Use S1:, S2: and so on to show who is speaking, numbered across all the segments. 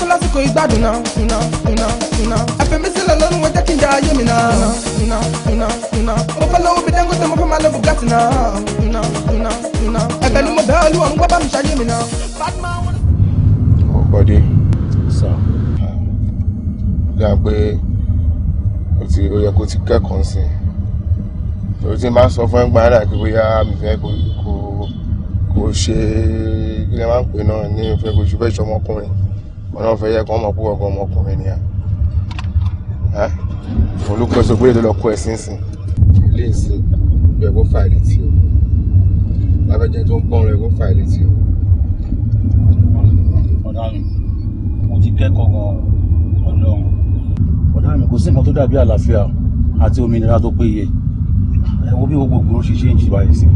S1: fún lásìkò ìgbádùn náà iná iná iná àfẹ̀mí sílẹ̀ lọ́rùn wọn jẹ́ kí n jẹ ayé mi náà iná iná iná mo fẹ́ lọ́wọ́ bí Dangote mo fẹ́ máa lọ Bugatti náà iná iná iná ẹ̀bẹ̀ ni mo bẹ̀ Olúwa ń gbọ́ bá mi ṣayé mi náà.
S2: ọ̀gbọ́dé sà dáa pé ó yẹ kó ti kẹ́kọ̀ọ́ sí i torí tí máa sọ fún ẹgbàá náà bóyá mi fẹ́ kó kó ṣe kí lè máa ń pè náà ní ìfẹ́ kó ṣe fẹ́ wọn náà fẹ́ yẹ kó mọ̀ pé ọgọ́ ọmọkùnrin ni à olùkọ́sọ gbọ́dọ̀ tó lọ kó ẹ sínsìn ilé ìsìn ẹ̀kọ́ fàìlì tí o lábẹ́jẹ́ tó ń pọ́n rẹ̀ ẹ̀kọ́ fàìlì tí o. ọ̀dà mi mo ti kẹ́kọ̀ọ́ gan ọlọ́run ọ̀dà mi kò sí nǹkan tó dàbí àlàáfíà àti òmìnira tó péye ẹ wo bí gbogbo ògbóró ṣe ṣe ń jìbá yìí sí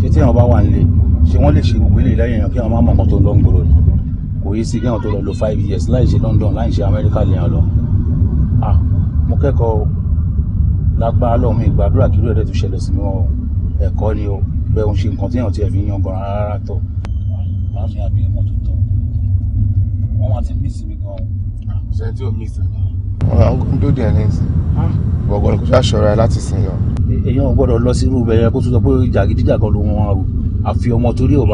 S2: ṣé tí àwọn bá wà nílé ṣé wọ́n lè ṣe gbogbo eléyìí lẹ́yìn èèyàn kí àwọn má mọ̀ tó lọ́ yìí kò yé sí kéèyàn tó lọ lo five years láì ṣe London láì ṣe Amẹ́ríkà lèèyàn lọ ah mo kẹ́kọ̀ọ́ lágbára lọ́hùn mi gbàdúrà kí ló dé tó ṣẹlẹ̀ sí mi ẹ̀kọ́ ni o bẹ́ẹ̀ ń ṣe nǹkan téèyàn tiẹ̀ fi yan gan rárá tọ̀. láti àbí ẹmọ tó wọn máa ti mí sí
S3: mi gan. ṣé tí o mí sí mi.
S2: wọn àwọn ń dóde ẹni sí gbọgbọdọ kò ṣàṣọra láti sìn lọ. èèyàn gbọ́dọ̀ lọ sí irú bẹyẹ kó tó sọ pé jàgídíjàgan ló wọn àfi ọmọ torí ò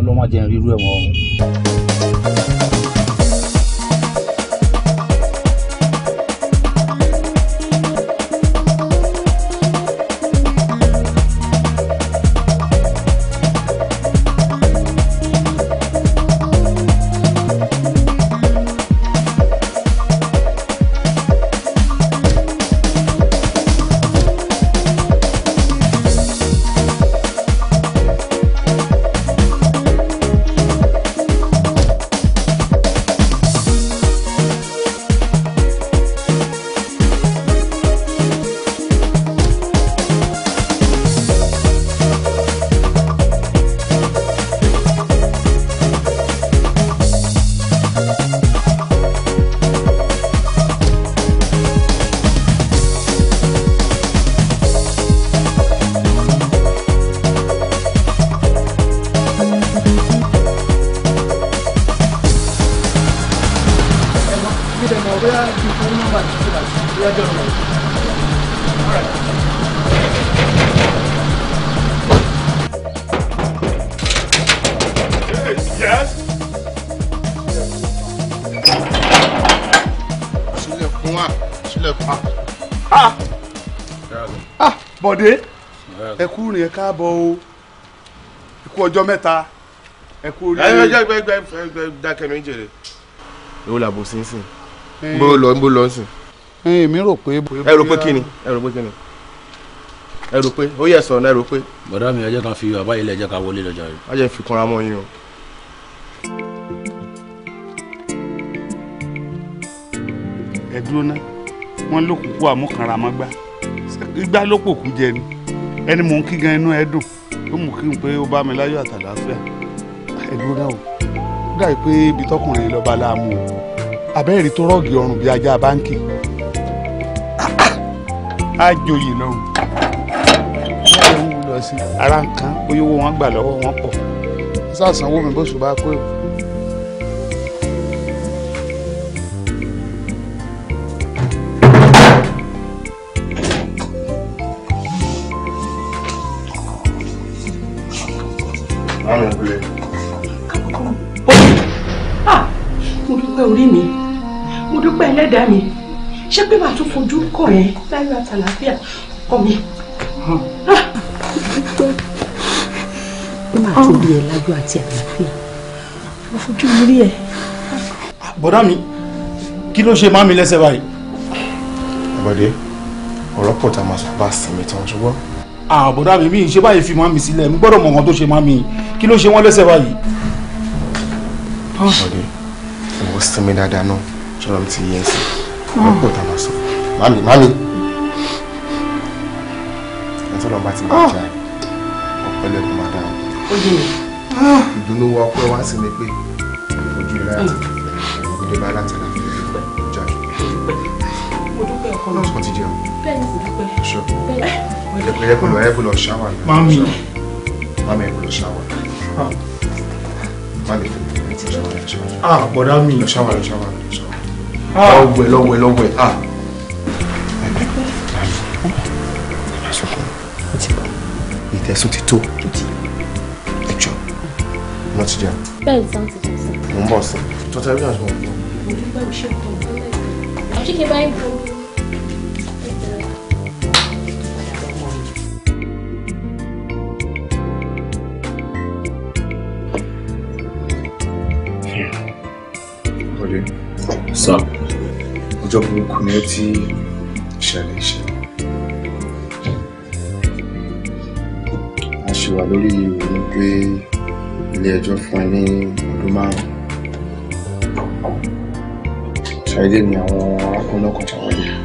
S2: ọlọ́wọ́n ń rírú ẹ̀ wọ́n. bọ̀dé ẹ kú rìn káàbọ̀ o ẹ kú ọjọ́ mẹ́ta ẹ kú orí. ẹ jẹ́ gbẹ́ gbẹ́ gbẹ́ dákẹ́ mi jèrè. èwo làbò sí n nbó lọ nbó lọ sìn. èmi rò pé. ẹ rò pé kí ẹ rò pé kí ẹ rò pé ó yẹ sọ̀rọ̀ ẹ rò pé. bọ̀dá mi ẹ jẹ́ fi bàbá yìí lẹ̀ ẹ wọlé lọ́jà rẹ̀. a ẹ fi kúnra mọ́ yín o. ẹ dúró ná wọn ló kúkú àmúkanra mọ́gbá. igbá ló pòkú jẹ ni ẹni mò ń kí gan inú ẹ dùn ó mú kí n pé ó bá mi láyọ̀ àtàlàáfíà ẹ̀dùn náà ó dàbí pé ibi tọkùnrin lọ bá láàmú o àbẹ́rẹ́ tó rọ́ọ̀gì ọrùn bíi ajá báńkì á joyè lọ́rùn lọ sí ara nǹkan bóyá owó wọn gbà lọ́wọ́ wọn pọ̀ sáà sanwó mi bó ṣùgbọ́n a kó èrò.
S4: ẹlẹ́dàá mi ṣé pé màá tún fojú kọ̀ ẹ́ láyọ̀ àtàlàfíà ọkọ mi.
S2: màá tún rí ẹ láyọ̀ àti àlàáfíà mo fojú mi rí ẹ. bọ̀dá mi kí ló ṣe má mi lẹ́sẹ̀ báyìí. àbọ̀dé ọ̀rọ̀ pọ̀ tá a máa sọ bá sinmi tán ṣùgbọ́n. àbọ̀dá mi mi ń ṣe báyìí fi má mi sílẹ̀ mo gbọ́dọ̀ mọ̀ nǹkan tó ṣe má mi kí ló ṣe wọ́n lẹ́sẹ̀ báyìí. àbọ̀dé mo sinmi dáadáa náà ṣọ́ra mi ti yẹ ẹsẹ̀ lọ́pọ̀ tá a máa sọ mami mami ẹ̀tọ́ lọ́n bá ti bá jà ọ̀pẹ́lẹ̀ ló máa dára ìdùnnú wa ọpẹ́ wá sí ni pé ojú rẹ̀ ìjọba alátara ìjà lọ́sọ̀ ti jẹun ṣọ́
S3: ẹ̀yẹ
S2: kò lọ ẹ̀yẹ kò lọ ṣáwà náà mami mami ẹ̀yẹ kò lọ ṣáwà ah. mami ẹ̀yẹ kò lọ ṣáwà náà ah bọ̀dá mi lọ ṣáwà lọ ṣáwà lọ ṣáwà. Ah. lọ́wọ́ ẹ̀ lọ́wọ́ ẹ̀ ah. ìtẹ̀sùn ti tó ẹjọ́ wọ́n ti jẹun. mo ń bọ̀ sí. tọ́tà bí àjọ
S5: ọ̀gbọ́n
S2: ọjọ́ burúkú ni ó ti ṣẹlẹ̀ ìṣẹ̀lẹ̀. a ṣì wà lórí ìròyìn pé ilé-ẹjọ́ fún ẹ ní ọdún márùn-ún. ṣàìdé ni àwọn arákùnrin ọkọ̀ tàwọn yẹn.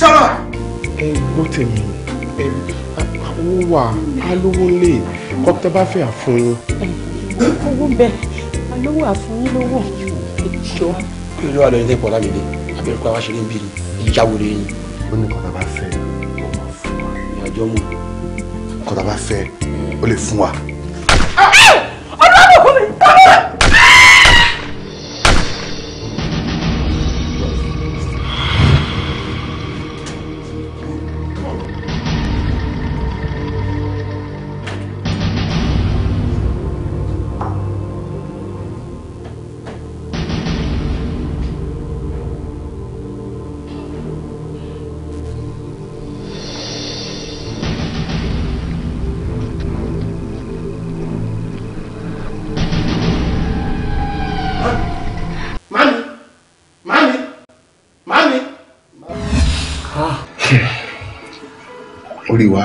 S2: ṣọlá. ẹ gbọ́ tèmi ẹ àwọn wà á lówó lè kọ́ńtà bá fẹ́ àfún yín.
S4: owó bẹ́ẹ̀ lówó àfúnyí lówó ìjọ.
S2: kí ló wà lóyún tẹ́ pọ̀ lámìlẹ́ abẹ́rẹ́ kó a wá ṣeré ń bìrì ìyáwó lè yín. ó ní kọ́tà bá fẹ́ ó máa fún wa. ìyàjọ́ mọ̀. kọ́tà bá fẹ́ ó lè fún wa.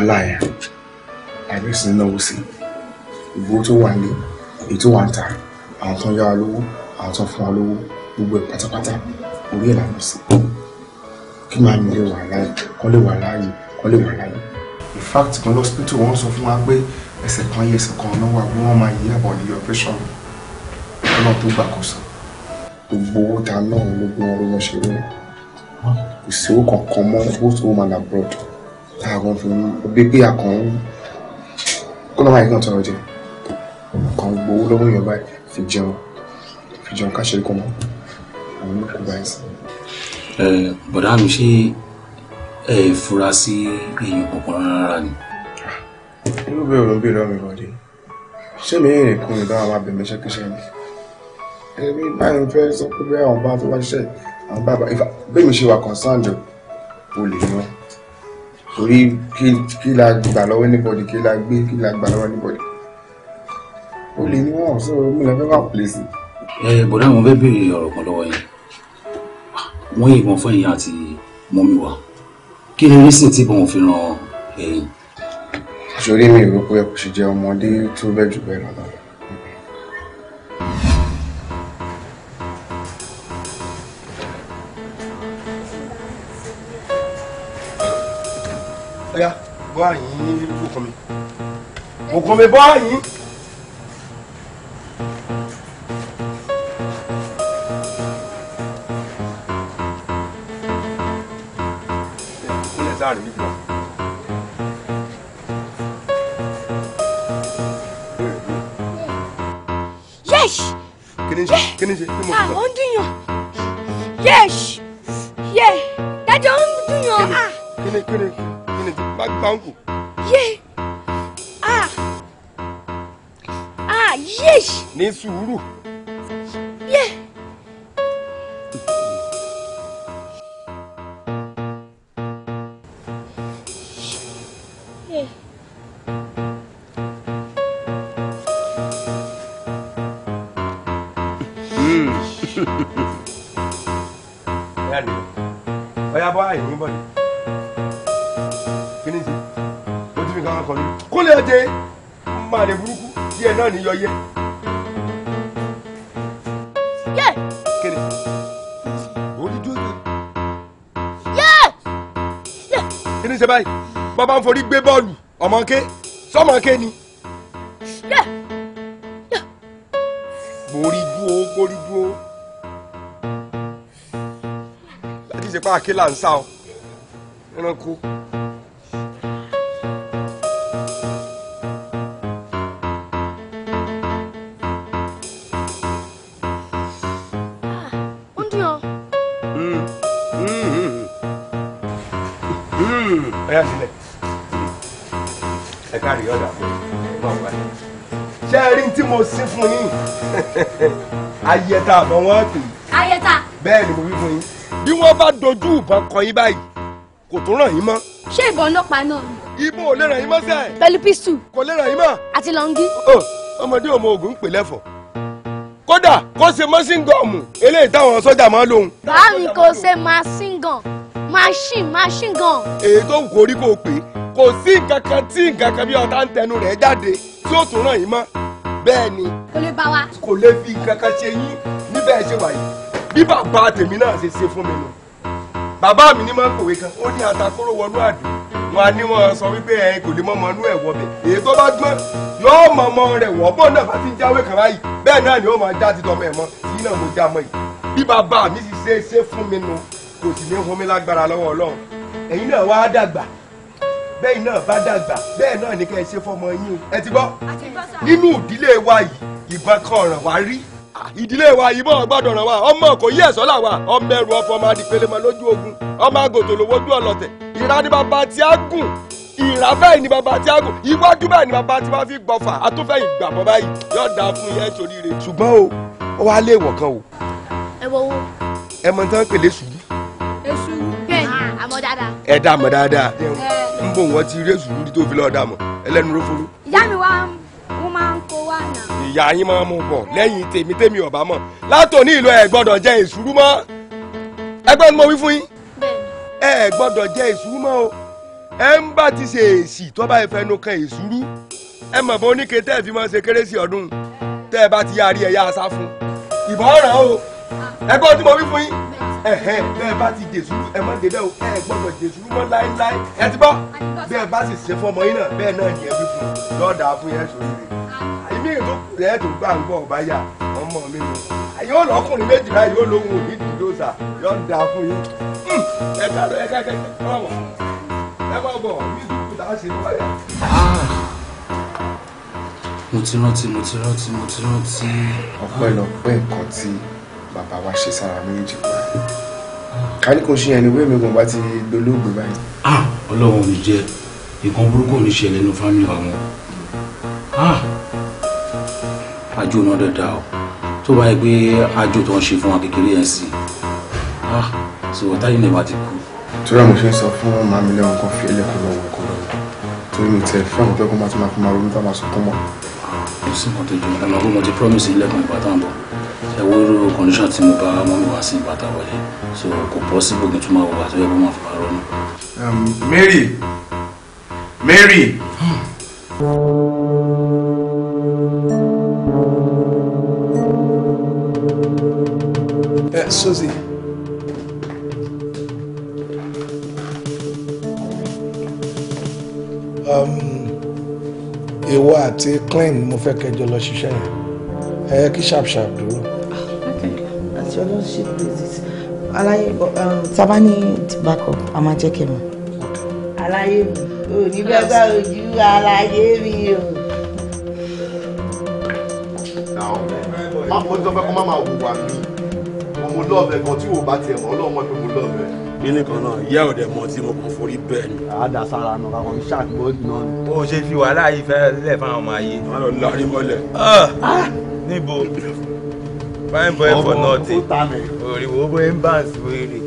S2: wàhálà yẹn àbí sì ń náwó sí ìgbó tó wà ní èyí tó wà ń ta àwọn tó ń yára lówó àwọn tó ń fún wa lówó gbogbo ẹ̀ pátápátá orí ẹ̀ là ń sí kí màá mi lè wà láàyè kọ́ lè wà láàyè kọ́ lè wà láàyè in fact kan lọ́sítítù wọ́n sọ fún wa pé ẹsẹ̀ kan yẹ ẹsẹ̀ kan náà wà bí wọ́n máa yí àbọ̀ ní operation ọlọ́ tó gbàkóso gbogbo owó ta náà gbogbo ọrọ̀ wọn ṣe rí kò sí owó kankan mọ́ owó tó wà ní abroad àwọn fi ń gbégbé àkàn kọ́lọ́mà yìí kan tọrọ jẹ kàn gbowó lọ́wọ́ èèyàn báyìí fi jẹun fi jẹun ká ṣe kọ́mọ àwọn ló kó báyìí sí. bọ̀dá mi ṣé ẹ fura sí èèyàn kankan rárá ni. inú bẹ́ẹ̀ ló ń bèèrè ọ̀mì ìrọ̀lẹ́ ṣé mi ìrìn kún mi báwọn máa bẹ̀rẹ̀ ṣẹ́kíṣẹ́ ni ẹ̀mí báyìí ń fẹ́ sọ pé bí àwọn bá tó bá ṣiṣẹ́ àwọn bá bá bẹ́ẹ̀ mi ṣe wà concerned o lè yan torí kí la gbà lọ́wọ́ anybody kí la gbé kí la gbà lọ́wọ́ anybody ó lè ní wọn sọ mi lọ fẹ́ bá wà lè sí. ẹ bọ̀dá àwọn fẹ́ béèrè ọ̀rọ̀ kan lọ́wọ́ yẹn wọ́n yìnbọn fún ẹ̀yìn àti mọ́mí wa kí ni rísìn tí bọ́n fi ràn ẹ̀yìn. àṣọrí mi rò pé kò sì jẹ ọmọdé tó bẹ́ẹ̀ jù bẹ́ẹ̀ lọ lọ. ọ̀yá bọ́ àyín òkun mi òkun mi bọ́ àyín. láàrin yes. kí ni ṣe kí ah, yes yes dájọ́ ń dùnyàn. kí ni ah. Back gbá ń kù.
S3: yé ah ah Yes.
S2: Nesuru. tó bá ń forí gbé bọ́ọ̀lù ọmọké sọmọké ni. borí dúó borí dúó láti ṣe pé àkè là ń sá ọ ẹranko. àbí ọ̀dà ṣé ẹ rí tí mo sí fún yín ayẹta àbọ̀ wọn pè é ayẹta bẹ́ẹ̀ ni mo wí fún yín bí wọ́n bá dojú ìbọn kọ yín báyìí kò tó ràn yín mọ́. ṣé ìbọn ọlọ́pàá náà ibo ò lè ràn yín mọ́ sẹ́ẹ̀. pẹ̀lú pístù. kò lè ràn yín mọ́. àti lọ́ngí. ọmọdé ọmọ ogun ń pè lẹ́fọ̀ọ́ kódà kó ṣe mọ́ṣíngọ̀mù eléyìí táwọn sọ́jà máa ń lòun.
S4: báà mi kò ṣe máṣíngàn máṣín
S2: máṣíngàn. èyí tó wù kó rí kó pè é kò sí nǹkan kan tí nǹkan kan bí ọ̀tá ń tẹnu rẹ̀ jáde tí ó tún ràn yín mọ́ bẹ́ẹ̀ ni. kò lè wa. kò lè fi nǹkan kan ṣe yín níbẹ̀ ṣe wà yìí bí bàbá tèmi náà ṣe ṣe fún mi nù bàbá mi ní máa ń kòwé kan ó ní atakóró wọnú àdó wọn a ní wọn sọ wípé ẹ kò lè mọ ọmọ inú ẹ wọbẹ èyí tó bá gbọ́n yóò mọ ọmọ rẹ wọ bọ náà bá ti ń jáwé kan báyìí bẹ́ẹ̀ náà ni ó máa já títọ ọmọ ẹ mọ tí náà mo já mọ yìí bí bàbá mi sì ṣe é ṣe fún mi nù kò sì ní fún mi lágbára lọ́wọ́ Ọlọ́run ẹ̀yin náà wá dàgbà bẹ́ẹ̀ náà bá dàgbà bẹ́ẹ̀ náà ní ká ẹ ṣe fọmọ yín o ẹ ti gbọ́ nínú ìdílé wa yìí ìbọn kan ràn wá rí ìdílé wa yìí bọ́ọ̀ gbọ́dọ̀ ràn wá ọmọ kò yí ẹ̀sọ́ là ọmọ ẹrù ọkọ máa di pelemọ lójú ogun ọmọ àgòtò lówó ojú ọlọ̀tẹ̀ ni bàbá tí a gùn ìra báyìí ni bàbá tí a gùn iwájú báyìí ni bàbá tí wọ́n fi gbọ́fà àtúfẹ́ ìgbàmọ́ ẹ wọ wo. tán pèlè sùúrù.
S5: èṣù bẹ́ẹ̀ ah. àmọ́ dáadáa.
S2: ẹ dá àmọ́ dáadáa ń bò wọ́n ti rí èsù lórí tó fi lọ́ọ́ dà mọ́ ẹlẹ́nu ló forú.
S4: ìyá mi wá wọ́n máa ń kó
S3: wá nà.
S2: ìyá yín máa mú bọ̀ lẹ́yìn tèmi tèmi ọ̀bá mọ̀ látòní ìlú ẹ̀ gbọ́dọ̀ jẹ èsúrú mọ́ ẹgbẹ́ ni mo wí fún yín ẹ gbọ́dọ̀ jẹ èsúrú mọ́ o ẹ ń bá ti ṣe èsì tó bá fẹ́ nu kan èsúrú ẹ mọ̀ bó oníke tẹ́ ẹ fi máa ṣe kérésì ọdún tẹ́ ẹ bá ti yára rí ẹ fún ìbọn ọ̀ràn o ah. ẹgbẹ́ tí mo wí fún yín bẹ́ẹ̀ bá ti dèsúrú ẹ máa ń débẹ̀ o ẹ gbọ́dọ̀ dèsúrú mọ́ láéláé ẹ ti bọ́ bẹ́ẹ̀ bá sì ṣe fún ọmọ yín náà bẹ́ẹ̀ náà ni ẹ fi fún un lọ́ọ̀dà fún yẹn sórí rẹ̀ àyè mí rẹ̀ tó gbà ń gbọ́ ọ̀bá yà ọmọ mi nù àyè ó méjì náà yóò lóhun òní dùdú lọ́ọ̀dà fún yín hmm, ẹ ah! mo ti rántí mo ti rántí mo ti rántí. ọpẹ́lọpẹ́ nǹkan tí bàbá wa ṣe sára méjì pa kárí kò ṣe ẹni wéèmí gan bá ti dolóògbé báyìí. ah ọlọ́run ò ní jẹ́ nǹkan burúkú ò ní ṣẹlẹ̀ nínú fámìlì àwọn ah àjò náà dẹ̀dá o tó bá yẹ pé àjò tó ń ṣe fún wa kékeré yẹn sí ah sọ̀rọ̀ táyé náà bá ti kú. torí àwọn ṣe ń sọ fún màmí lẹ́wọ̀n kan fi ẹlẹ́kùn lọ́wọ́ kọ́ lọ́wọ́ torí mi tẹ fún àwọn tó yẹ kó má ti máa fi máa ronú táwọn sọ kọ́ mọ́. Ah, kò sí nǹkan tó jù mọ́ ẹ máa kó mo ti promise ilẹ̀kùn ìbátan bọ̀ ẹ wo condition tí mo bá mọ́mí wá sí ìbátan wọlé so kò possible kí n tún máa wọ àti ẹgbẹ́ máa fi um, Mary
S3: Mary. Ẹ eh, Susie. Um,
S2: ìwọ àti clean mo fẹ́ kẹjọ lọ ṣiṣẹ́ yẹn ẹ kí sharp sharp dúró your lordship praises
S5: aláyé tábà ní tobacco a máa jẹ́ kẹ́mọ̀. aláyé mi ò ní bẹ́ẹ̀ bá ojú aláyé mi o.
S2: ọkùnrin tó fẹ́ kó má máa wùwà mí mo lọ́ọ̀bẹ kan tí wò bá tiẹ̀ mọ́ ọlọ́mọ pé mo lọ́ọ̀bẹ. kíni kan náà ìyá ò dẹ̀ mọ tí mo kàn forí bẹ́ẹ̀ ni. àádá sára nù kakọ ń ṣàgbọ́ náà ni. ó ṣe fi wàhálà yìí fẹ́rẹ̀ lẹ̀ fáwọn ọmọ ayé. wọn lọ lárí mọ́lẹ̀. Ah! níbo fine boy for nothing òrìwò bó ń bá sí wèrè.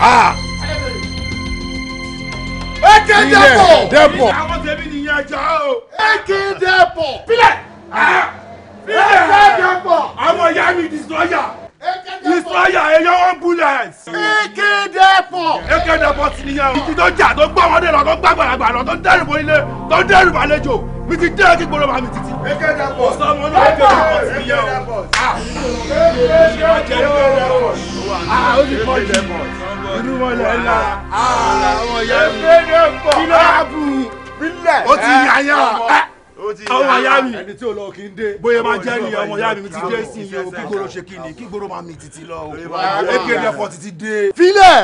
S2: Ah! Eke Depo! Depo! Àwọn tẹ̀mí nìyẹn ẹja o. Eke Depo! Bílẹ̀! Bílẹ̀! Eke Depo! Àwọn ìyá mi dìsọ́yà destroyer eyan ambulance. AK Depot. AK Depot ti níyà o. ìtìjọ́ jà tó gbọ́ ọmọdé lọ tó gbá gbàlagbà lọ tó dẹ́rù bọ ilé tó dẹ́rù bàlejò mi ti dẹ́rù kí gbọ́dọ̀ bá mi títí. AK Depot. sọmọ náà AK Depot ti níyà o. AK Depot. ah o ah, ti pọ̀ jù inú wọn lẹ ńlá. Ah. àwọn yẹn AK Depot. kí ló yà bù. bílẹ̀. o ti yà yàn ọmọ ìyá mi ẹni tí o lọ kí n dé bóyá máa jẹ́ nìyẹn ọmọ ìyá mi ti dé sí i o kí gbòòrò ṣe kí ni kí gbòòrò máa mi títí lọ o èké lẹ́pọ̀ títí dé. filẹ̀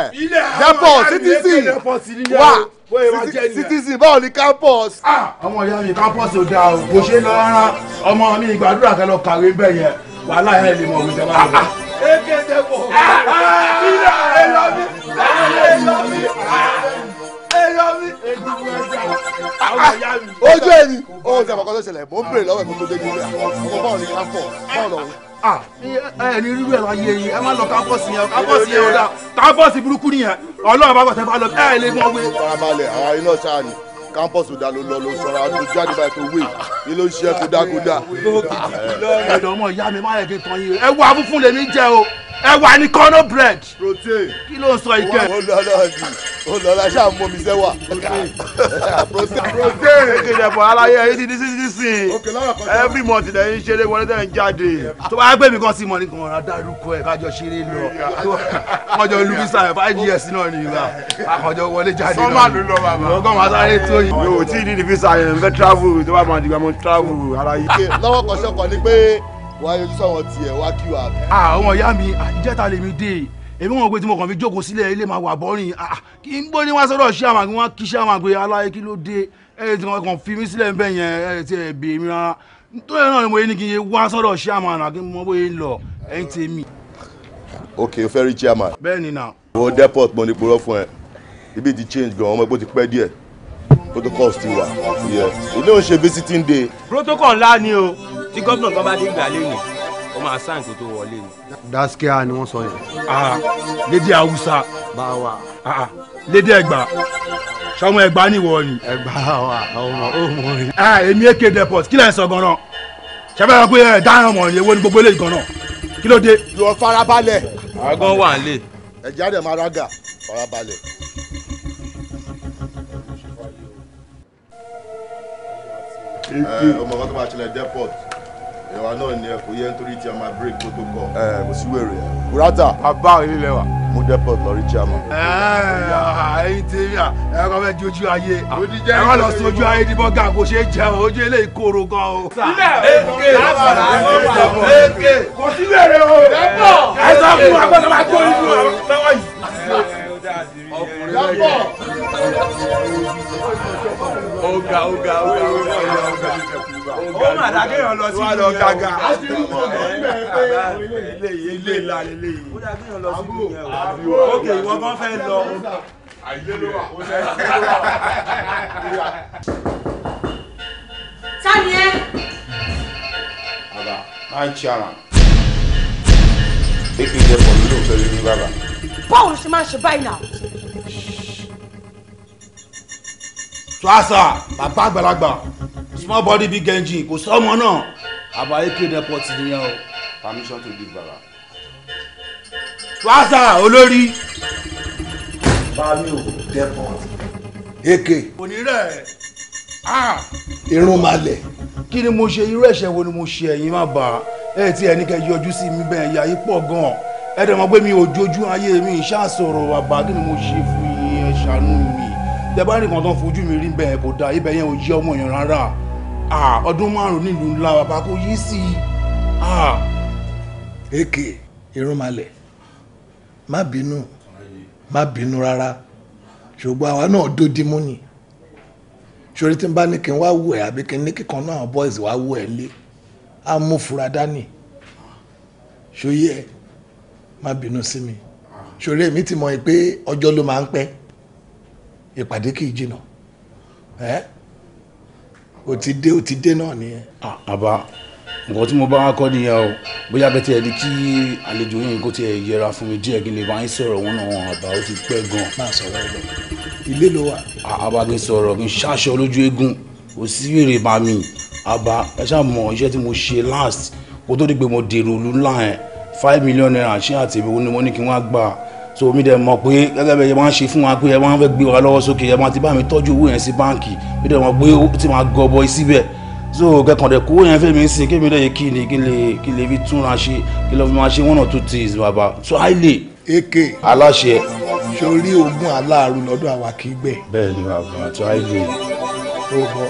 S2: lẹ́pọ̀ citizen wà citizen báwo ni campus. Ah! ọmọ ìyá mi campus ò dáa o kò ṣe lọ rárá ọmọ mi ìgbàdúrà kẹ lọ kàwé bẹ́ẹ̀ yẹn wàhálà yẹn lè mọ̀ òwe jẹ́ máa lọ.
S3: èké lẹ́pọ̀ ah,
S2: ah. filẹ̀ ẹ lọ mi ẹ lọ mi ẹ lọ mi ojú ẹ ni ó ti àbọ̀kọ́ tó ṣẹlẹ̀ mò ń bèrè lọ́wọ́ ẹ̀ kó tó dé nílé ọkọ̀ báwo ni káfọ̀ báwo lọ́wọ́. ẹni rírú ẹ̀rọ ayé yìí ẹ má lọ kámpọ́ọ̀sì yẹn kámpọ́ọ̀sì yẹn ò dáa kámpọ́ọ̀sì burúkú nìyẹn ọlọ́run bá gbọ́dọ̀ bá lọ ẹ lè mọ wé. farabalẹ̀ àwa iná sáà ni kámpọ́ọ̀sì ò ló lọ ló sọ̀rọ̀ àtúntò àdìbà ètò wé ni ló ń ṣe kódà kódà. ẹ̀dọ̀ ọmọ ìyá mi má yẹ kí n tán yín ẹ wá fúnfún lèmi jẹ o ẹ̀wà ni kọ́nọ́ bread. protein kí ló ń sọ ike. ó lọ lọ́ọ̀dì ó lọ lọ́ọ̀dì ṣáà mú mi sẹ́wà.
S3: protein protein. kéde ẹ̀fọ́ aláyé
S2: ẹ̀yìn ti ní sí sí sí. every month lẹ́yìn ṣeré wọlé tẹ̀ ń jáde. tó bá gbé mi kan sí mọ́ ní kàn án dárúkọ ẹ̀ kájọ ṣeré lọ. kọjọ lùmísà ẹ̀ five years náà ni ìgbà àkọjọ wọlé jáde náà. sọ́mà ló lọ bàbá. ọgọ́n wa sáré tó yìí. mi ò tí ì ní wá yọjú sáwọn tiẹ̀ wá kí wà. Ah, àwọn ìyá mi ah, ìjẹta lèmi dé èmi wọn pé tí mo kàn fi jókòó sílẹ̀ ilé máa wà bọ́rìn ah, kí n bó ní wá sọ́dọ̀ ṣé àwọn àgbẹ̀ wọn àwọn àgbẹ̀ aláyé kí ló dé ẹ ti kàn fi mí sílẹ̀ nbẹ yẹn ẹ ti ẹ bè mí rárá nítorí náà ni mo ní kí n wá sọ́dọ̀ ṣé àwọn àgbẹ̀ mọ bóyá ń lọ ẹ ń tèmi. ok o fẹ́ rí chairman. bẹ́ẹ̀ni na. wo depot mo ní purọ́ fún ẹ ibi ti change gan ọmọ ẹgbẹ́ ti pẹ́ díẹ̀ protocol ti wà ilé ò ń ṣe visiting day. protocol ńlá ni o tí gómìnà kan bá dé gbà lẹ́nu ó máa sáà nǹkan tó wọlé ni. daskiya ni wọ́n sọ yẹn. Ah, lédè haúsá. báwa. Ah, ah, lédè ẹgbà sọmọ ẹgbà níwọ ni. ẹgbà wa ọmọ ọmọ rẹ. èmi èké depot kí lẹ sọ ganan sẹfẹ sọ pé ẹ dáhùn ọmọ yẹn wo ni gbogbo eléyìí ganan kí ló dé. yóò farabalẹ̀. àgọ́ wà ń lè. ẹ̀jẹ̀ àdè máa farabalẹ̀. ọmọ kan tó bá tilẹ̀ depot ìwà náà ni ẹ kò yẹ nítorí tí a máa break protocol. ẹ kò sí wèrè ẹ burata. bàbá ilé lẹwa. mo depot lórí chairman. ẹyin tèmi à ẹ kọ́ fẹ́ di ojú ayé ẹ kọ́ lọ sí ojú ayé ní bọ́gà kò ṣeé jẹun ojú eléyìí kóró gan o. ilé èké lábàrá èké kò sí wèrè o ẹ sọ fún wa pé ká máa kó inú àwọn ọkùnrin lẹ́yìn
S3: ọ̀gá ọ̀gá ọ̀gá ọ̀gá ọ̀gá ọ̀gá ọ̀gá àdàgé yàn lọ sí ìlú yàn gàgà ilé
S2: yìí ilé ìlà ilé yìí ó dàgé yàn lọ sí ìlú yàn òkè ìwọ kan fẹ́ lọ. àyè ló wà ó lẹ
S5: sí ló wà. sani ẹ. baba
S2: máa ń ṣe àràn. bí kì í jẹ pọ̀ lórí òṣèlú ní bàbá
S5: báwo ló ṣe máa ń ṣe báyìí náà.
S2: tíwáṣà bàbá àgbàlagbà small body big engine kò sọ́mọ náà àbáyé kéde airport nìyẹn o permission to leave bàbá. tíwáṣà olórí. bámi ò dẹ́pọ̀t. èké. òní rẹ̀ irun máa lẹ̀ kí ni mo ṣe irú ẹ̀ṣẹ̀ wo ni mo ṣe ẹ̀yin má bà ẹ̀ tí ẹnikẹ́ yọjú sí mi bẹ́ẹ̀ yà yí pọ̀ gan-an ẹ dẹ̀ mọ̀ mi ò jojú ayé mi ìṣàsọ̀rọ̀ bàbá kí ni mo ṣe fún yín ẹ ṣàánú mi tẹ bá nìkan tán fojú mi rí bẹ́ẹ̀ kò dáa ibẹ̀ yẹn ò yẹ ọmọ yẹn rárá ọdún márùn nílùú ńlá bàbá kò yí sí i. èkè irúnmalẹ̀ má bínú má bínú rárá ṣùgbọ́n àwa náà dódì mú ni ṣòrí tí n bá ní kí n wá wù ẹ́ àbí kí n ní kíkan náà àwọn wá wù ẹ́ lé á mú fura dání ṣòye ẹ̀ má bínú sí mi ṣòro èmi ti mọ̀ pé ọjọ́ ló máa ń pẹ́ ìpàdé kì í jìnà ẹ́ o ti dé o ti dé náà nìyẹn. Ah, àbá nǹkan tí mo bá wá kọ́ nìyẹn o bóyá bẹ́ẹ̀ tiẹ̀ di kí àlejò yìí kó tiẹ̀ yẹra fún mi díẹ̀ kí n lè bá yín sọ̀rọ̀ wọn náà àbá ó ti pẹ́ gan. máa sọ̀rọ̀ ẹ̀ lọ ilé ló wà. Ah, àbá kí n sọ̀rọ̀ kí n ṣáṣọ lójú eégún kò sí èrè bá mi àbá ẹ ṣáà mọ̀ iṣẹ́ tí mo ṣe last kó tó di pé mo dèrò olú ńlá five million naira ṣé àti ìbò ni mo ní kí wọ́n á gbà so mi dẹ̀ mọ̀ pé gẹ́gẹ́ bẹ́ẹ̀ yẹ máa ń ṣe fún wa pé yẹ máa ń fẹ́ gbé wa lọ́wọ́ sókè yẹ máa ti bá mi tọ́jú owó yẹn sí báǹkì mi dẹ̀ mọ̀ pé ó ti máa gọbọ síbẹ̀ so kẹkàndẹ̀ kó yẹn fẹ́ mi ń sìn kí mi dẹ̀ yẹ kí ni kí lè kí lè fi túnra ṣe kí lè fi máa ṣe one or two things bàbá so i lè. eke aláṣẹ. sori oògùn aláàrú lọ́dọ̀ àwa kì í gbẹ. bẹ́ẹ̀ ni bàbá so i lè. ó bọ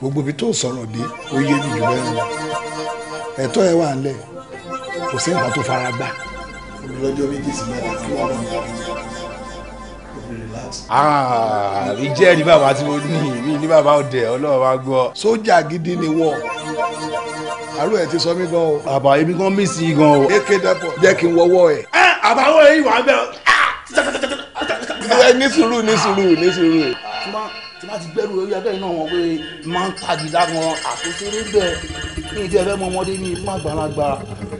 S2: gbogbo ibi tó sọ̀rọ̀ dé ó yé mi jù bẹ́ẹ̀ lọ ẹ̀tọ́ ẹ wà ń lẹ̀ kò sí nǹkan tó fara gbá. olùlọ́jọ́ méjì sí mẹ́ta fún wa wọn ààrí jẹ́ ní bàbá tí mo ní ìmí ní bàbá òde ọlọ́run wa gbọ́. sójà gidi ni wọ́n àrùn ẹ̀ ti sọ mí gan o. àbá èmi gan mí sí i gan o. èké dapò jẹ́ kí n wọ́wọ́ ẹ̀. àbáwọ̀ yìí wà á bẹ̀ ọ́. ní sùúrù ní sùúrù ní sùúrù láti gbẹ́rù orí akẹ́yìn náà wọ́n pé máa ń tagi láwọn àkóṣeré bẹ́ẹ̀ ní ìdí ẹ̀rẹ́ ọmọdé ní màgbàlagbà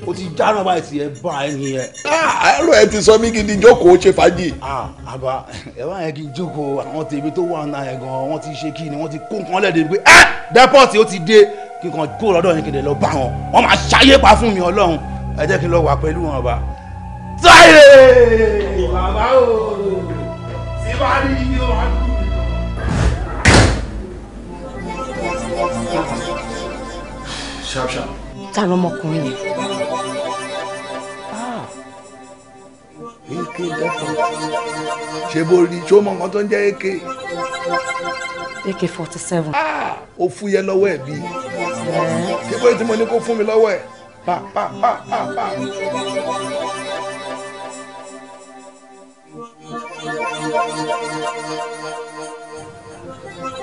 S2: o ti dáná báyìí tiẹ̀ bá ẹ nìyẹn. Ah, ẹrù ẹ ti sọ mí gidi jókòó ṣe fàájì. Ah, àbá ẹ wá yẹn kí n jókòó àwọn tèmi tó wà náà yẹn gan wọ́n ti ṣe kí ni wọ́n ti kó nǹkan lẹ́ẹ̀dẹ̀ pé ẹ ah, dẹ́pọ̀tì ó ti dé kí n kàn kó lọ́dọ̀ yẹn kéde lọ bá wọn wọ́n máa ṣayé pa fún mi ọlọ́run ẹ jẹ́ kí n lọ wà pẹ̀lú wọn ọba. táyé bàbá òòlù tí bá rí yóò wá dúró. ṣáṣá. ta ló mọkùnrin yẹn. èké dẹ́kun ṣe bó rí ṣó mọ nǹkan tó ń jẹ́ èké. ak forty seven. Ah, ó fúyẹ́ lọ́wọ́ ẹ̀ bí. ṣé bóyá tí mo ní kó fún mi lọ́wọ́ ẹ̀ pa pa pa pa pa.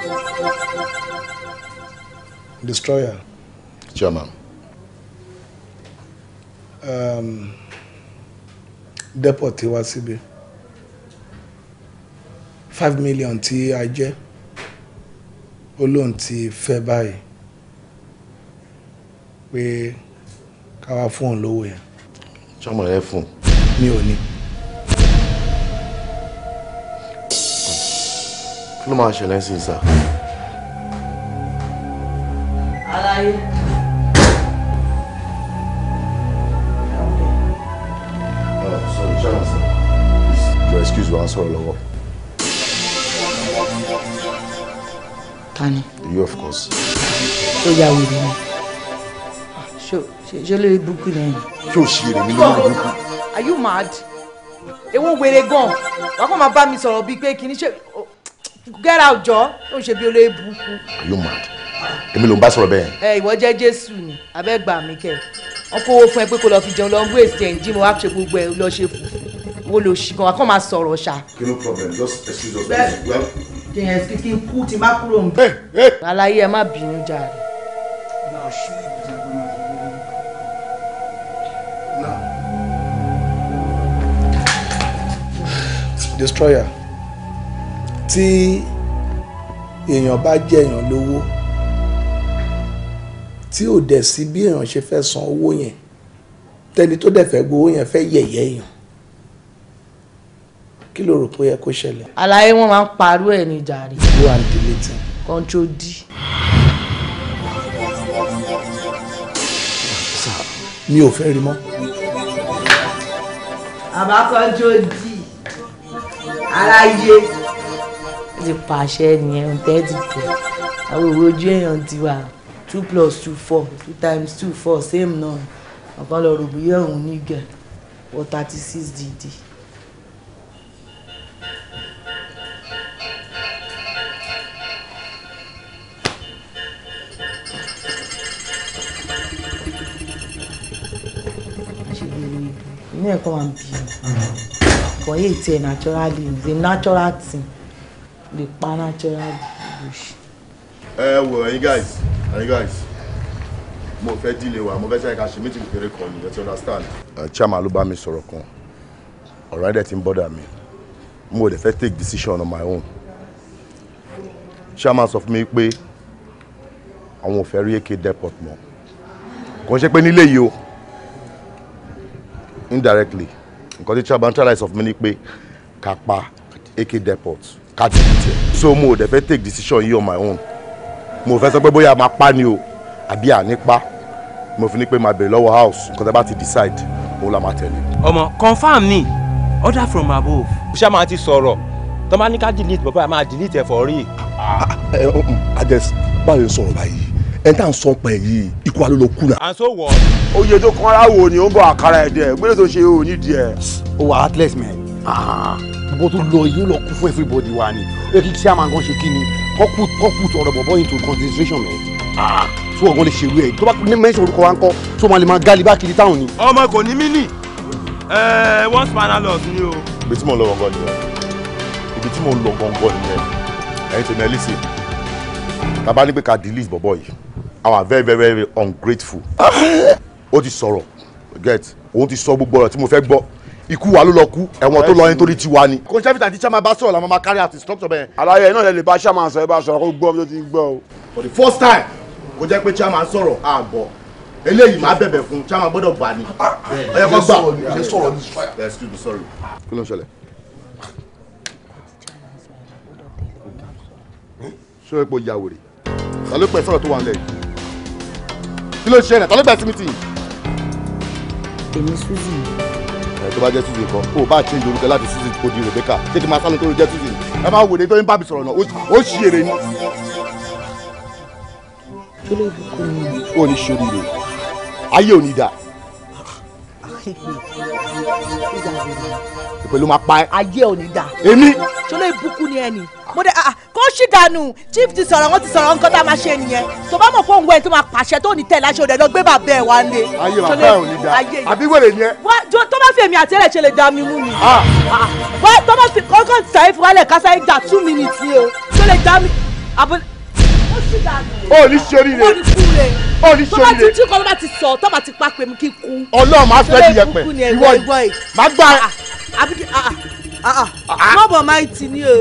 S2: Thank you. Destroyer. Chairman. Um, depot ti wá síbi five million tí a jẹ́ olóhùn ti fẹ́ báyìí pé ká wá fún òun lówó yẹn. sọmọ rẹ fún. mi ò ní. kí ló máa ṣẹlẹ̀ sí sá aláyé. Oh, excuse wa sọ̀rọ̀ lọ́wọ́. tani. you of course.
S5: ṣé ìyá wo ni ṣé ṣé lórí burúkú lẹ́yìn. ṣé o ṣe èrè mi lórí burúkú. are you mad? ewu wèrè gan wàá kàn máa bá mi sọ̀rọ̀ bíi pé kì í ṣe get out jọ ó ń ṣe bí olórí burúkú. are
S2: you mad? èmi ló ń bá sọ̀rọ̀ bẹ́ẹ̀.
S5: ẹ ìwọ jẹ́ jésù ni abẹ́ gbà mí kẹ́ wọ́n kówó fún ẹ pé kó lọ fi jẹun lọ ń gbé èsì ẹ̀ǹjì mo wá ṣe gbogbo ẹ̀ lọ ṣe fún wo lo ṣì wa kàn máa sọ̀rọ̀ ṣá.
S2: no problem just excuse us. bẹ́ẹ̀
S5: kìnyẹn kí n kú tí n bá kúrò ń bẹ̀. aláyé ẹ má bínú jàre.
S2: destroyer tí èèyàn bá jẹ èèyàn lówó tí ò dẹ̀ sí bí èèyàn ṣe fẹ́ san owó yẹn tẹni tó dẹ̀ fẹ́ gbowó yẹn fẹ́ yẹ̀yẹ́ èèyàn kí ló rò pé ó yẹ kó ṣẹlẹ̀.
S5: àlàyé wọn máa ń parú ẹ ní
S2: jàre. you are deleting. control d. mi ò fẹ́ rí mọ́.
S5: àbá control d aláyé. ó ti pàṣẹ nìyẹn ń tẹ́ ti tẹ̀ àwọn òwe ojú èèyàn ti wà two plus two four two times two four same náà ọ̀kan lọ rò bóyá òun ní gẹ̀ wọ thirty six dd. ní ẹ̀kọ́ máa ń bí ọ kò yé tiẹ̀ naturally the natural thing The pa
S2: naturally lóṣù ẹ wò ẹ̀yin guys ẹ̀yin guys mo fẹ́ dílé wa mo fẹ́ ṣe àìkàṣe meeting kékeré kan ni you understand. chairman ló bá mi sọ̀rọ̀ kan ọ̀rọ̀ ẹ̀dẹ̀ ti ń bọ́dà mi mo ò lè fẹ́ take decision on my own chairman sọ fún mi pé àwọn ò fẹ́ rí èké deport mọ́ kò ń ṣe pé nílé yìí o indirectly nǹkan tí chairman try sọ fún mi ni pé ká èké deport ká so mo ò lè fẹ́ take decision yìí on my own mo fẹ́ sọ pé bóyá máa pa ni o àbí ànípa mo fi ní pé máa bèrè lọ́wọ́ house nǹkan tẹ́ bá ti decide òun la máa tẹ̀lé. ọmọ confam ni order from above. ṣé máa ti sọ̀rọ̀ tó máa ní ká delete bàbá máa delete ẹ̀ for real. adẹ́sí ah, eh, mm, báwo ń sọ̀rọ̀ báyìí ẹ̀ ń tà ń sọ pẹ̀ yìí ikú aló ló kùnà. à ń sọ wọ. oyè tó kan ara wo ni ó ń bọ àkàrà ẹ̀ dẹ̀ gbé tó ṣe ò ní díẹ̀. o wa atlas man ah. bó tó lọ yìí ó lọ kú fún everybody wa ni ó yẹ kí chairman gan ṣe kí ni kọ́ put kọ́ put ọ̀rọ̀ bọ̀bọ̀ into consideration mẹ́ tí wọ́n gan lè ṣerú ẹ̀ tó bá ní mẹ́sàn orúkọ wa ń kọ́ tí máa lè máa gálí bá kiri táwọn ni. ọmọ kò ní mí nì wọ́n spinal loss ni o. ibi tí mo lọ gangan nìyẹn ibi tí mo lọ gangan nìyẹn ẹ̀yin tèmi ẹ lísì tàbá ní pé ká delete bọ̀bọ̀ yìí I am very very very ungrateful ó ti sọ̀rọ̀ get òun ti sọ gbogbo ọ̀rọ̀ tí mo fẹ́ gbọ́ ikú wa ló lọ kú ẹ̀wọ̀n tó lọ yín torí tiwa ni. kò sẹ́fìtà tí bá sọ̀rọ̀ la máa kárí àti structure bẹ́ẹ̀. aláyẹ iná lẹ́lẹ̀ bá sẹ́ma sọ̀rọ̀ bá sọ̀rọ̀ kó gbọ́ bí ó ti ń gbọ́ o. for the first time kò jẹ́ pé Chairman sọ̀rọ̀ àbọ̀ eléyìí máa bẹ̀bẹ̀ fún sẹ́ma gbọ́dọ̀ gbà ní. Ah,
S3: ah, ẹ yẹ kó gbà ṣe sọ̀rọ̀ ní sọ̀rọ̀.
S2: excuse me sorry. kí ló ń ṣẹlẹ̀? ṣé o epo yàwòrè ta ló pẹ sọ̀rọ̀ tó wà nílẹ̀ yìí kí ló ń ṣẹlẹ̀ ta ló pẹ sí mi tì. èmi suzy tó bá jẹ́ Suzy kọ́ kó o bá change orúkọ láti Suzy kó di Rebecca ṣé kí n máa sálọ tó ló jẹ́ Suzy ẹ máa wòde tó ń bá mi sọ̀rọ̀ náà ó ṣì èrè ni. ó ní ṣoríire ayé ò ní dáa pẹ̀lú máa pa ẹ́. ayé ò ní da. èmi.
S5: ṣọlá ìbùkún ni ẹni mo dé ah, ah, kó ṣì dànù chief ti sọ̀rọ̀ wọn ti sọ̀rọ̀ nǹkan tá a máa ṣe nìyẹn tó bá mọ̀ fóun wẹ̀ tó máa pàṣẹ tó ní tẹ̀ láṣẹ òde lọ gbé bàbá ẹ̀ wá lé. ayé bàbá ẹ̀ ò ní da àbí wèrè ni ẹ. wá tó bá fi èmi àti ẹ̀rẹ̀ ṣe lè da mi mú mi. Ah. wá tó bá fi kọ́kọ́ tẹ̀ wálẹ̀ kásá dà two minutes ni o ṣe lè da mi ó ní sori rẹ ó ní kú rẹ ó ní sori rẹ tó bá ti jí kọ́ bá ti sọ tó bá ti pa pèmí kí kú. ọlọ́run máa fẹ́ di yẹpẹ ìwọ yìí máa gbá. Ah, ah. ah, ah mọ̀bọ̀ máa ti ní o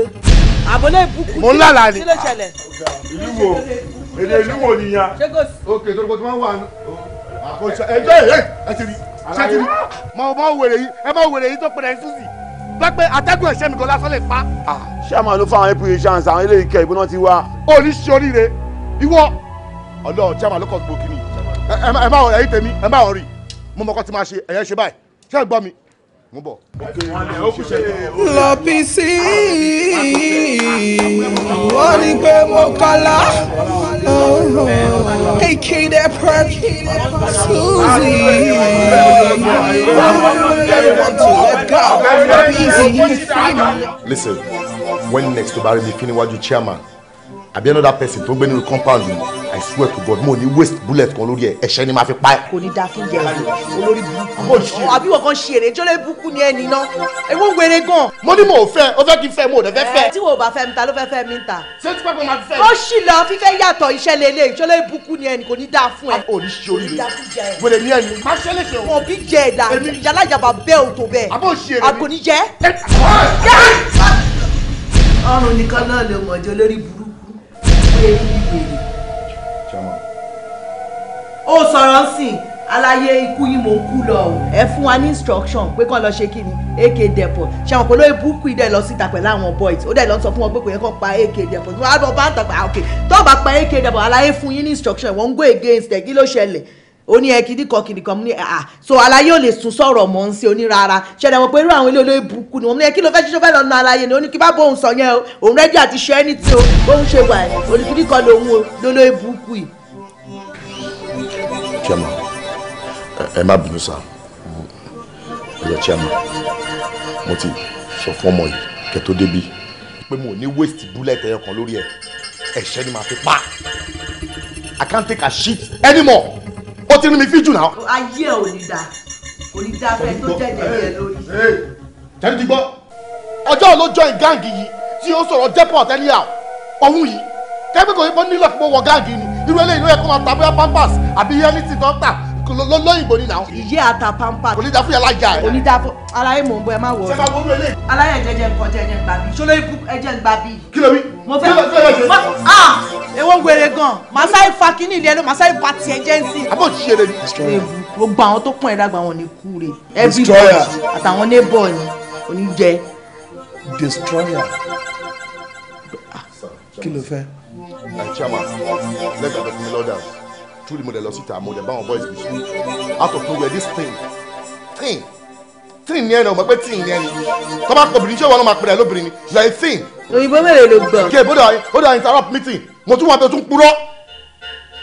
S5: àbọ̀lẹ̀ ìbùkún mo ń lálà ni
S2: ìlú wo èdè ìlú wo nìyẹn òkè tó tó máa wà àkọsọ ẹjọ ẹ ẹ ti rí ṣe ti rí mọ̀ mọ̀ wèrè yìí ẹ mọ̀ wèrè yìí tó pẹ̀lẹ́ sísì pẹ́pẹ́ atẹ́gùn ẹ̀ṣẹ́ mi gan lásán lè pa. ṣé àwọn àlọ́ fún àwọn april chance àwọn eléyìí kẹ́ ìbúná ti wá. oníṣẹ́ oríire ìwọ ọ̀dọ́ tí a máa lọ́kọ̀ gbòógì ẹ má ẹ̀yìn tèmi ẹ má rí mo mọ̀kọ́ ti máa ṣe ẹ̀yẹ́ ṣe báyìí ṣé ẹ gbọ́ mi mo bọ̀. lọ́bí
S1: wọ́n ní pé mo kọ́lá. Oh, they killed that part.
S2: Susie. Listen, when next to bury me, Finiwaju chairman àbí another person tó ń gbé nínú compound mi i swear to god mo ní waste bullet kan lórí ẹ ẹ̀ṣẹ̀ ni màá fi pa ẹ. kò
S5: ní dáa fún yẹn olórí burúkú àbí wọn kan ṣe èrè jọlẹ burúkú ni ẹni náà ewu wèrè gan. mo ní mo ò fẹ́ o fẹ́ kí n fẹ́ mo ò dẹ fẹ́ fẹ́. tí wo bá fẹ́ mi ta ló fẹ́ fẹ́ mi ta. ṣé tí pẹ́pẹ́ máa fi fẹ́ mi. ó sì lọ fífẹ́ yàtọ̀ iṣẹ́ lélẹ̀ ìjọlẹ̀ burúkú ni ẹni kò ní dáa fún ẹ. o ní ṣe oríire wèrè ni ẹni. má ṣe lè ṣe o. mo bí jẹ ẹ̀dá yín wèrè. ó sọ̀rọ̀ sìn aláyé ikú yìí mò ń kú lọ o ẹ fún wa ní instruction pé kàn lọ ṣe kí ni AK depot ṣàwọn kò lóye búkú ìdẹ lọ síta pẹ̀lú àwọn boys ó dẹ̀ lọ sọ fún wọn pé kò yẹ kàn pa AK depot tí wọ́n á bá ń ah, ok tó bá pa AK depot Alaye fún yín ní instruction wọ́n ń go against ẹ̀ kí ló ṣẹlẹ̀ ó ní ẹ kìdíkan kìdíkan mú ní àà ah, ah. so àlàyé ò lè sùn sọ̀rọ̀ mọ́ ń ṣe onírara ṣẹlẹ̀ wọn pé irú àwọn ilé olóyè burúkú ni wọn ní kí ló fẹ́ ṣiṣẹ́ fẹ́ lọ́nà àlàyé ni ó ní kí bá bóun sọ yẹn o òun rẹ́jì àti ṣe ẹni tí o bóun ṣe wà ẹ̀ olùkìdíkan lòun o burúkú yìí.
S2: chairman ẹ má bínú sá ọyọ chairman mo ti sọ fún ọmọ yìí kẹ débi pé mo ní waste bullet ẹyọ kan lórí ẹ ẹ̀ṣẹ̀ ni màá fi pa I can't take a shit anymore ó ti rí mi fíjù náà. ayé ò ní da kò ní da fẹ́ tó jẹ́jẹ́ yẹn lórí. jẹ́bi ti gbọ́ ọjọ́ olójó ìgáǹgì yìí tí ó sọ̀rọ̀ dẹ́pọ̀ àtẹ́líà ọ̀hún yìí kẹ́gbẹ́ kò ní bọ́ nílò fún wọ gáǹgì ni irú eléyìí ló yẹ kó máa ta bóyá pampers àbí yẹn ní ti dọ́tà lóyìnbó ni náà. ìyé ata pampa. onídàá fún yàrá ìjà ẹ. onídàá fún aláyé
S5: mò ń bọ ẹ má wọ. sẹba wo ló lè. aláyé jẹjẹ nǹkan jẹjẹ ń gbà bí ṣọlá ikú ẹjẹ ń gbà bí. kí ló wí. mo fẹ́ ah ewo wèrè gan masai fa kínní ilé ẹnu masai ba tiẹ̀ jẹ́ ń sìn. àbọ̀ ti ṣe lè ní. gbogbo àwọn tó pọ̀ ẹ̀ dàgbà wọn ni kú rè. everybody
S2: ah, kí ló fẹ́. ẹ̀ chairman lẹ́gbẹ̀ẹ́ tó fi mi lọ́dà truly mo dẹ̀ lọ síta mo dẹ̀ bá àwọn boys bí sùn out of nowhere this thing thing thing ni ẹni o mọ̀ pé thing ni ẹni tó bá pọ̀ obìnrin ṣé wọn náà máa pẹ̀lẹ́ lóbìnrin you are a thing. òyìnbó mélòó ló gbọ́. kí ebódà ebódà interrupt meeting mo tún wà pé tún purọ́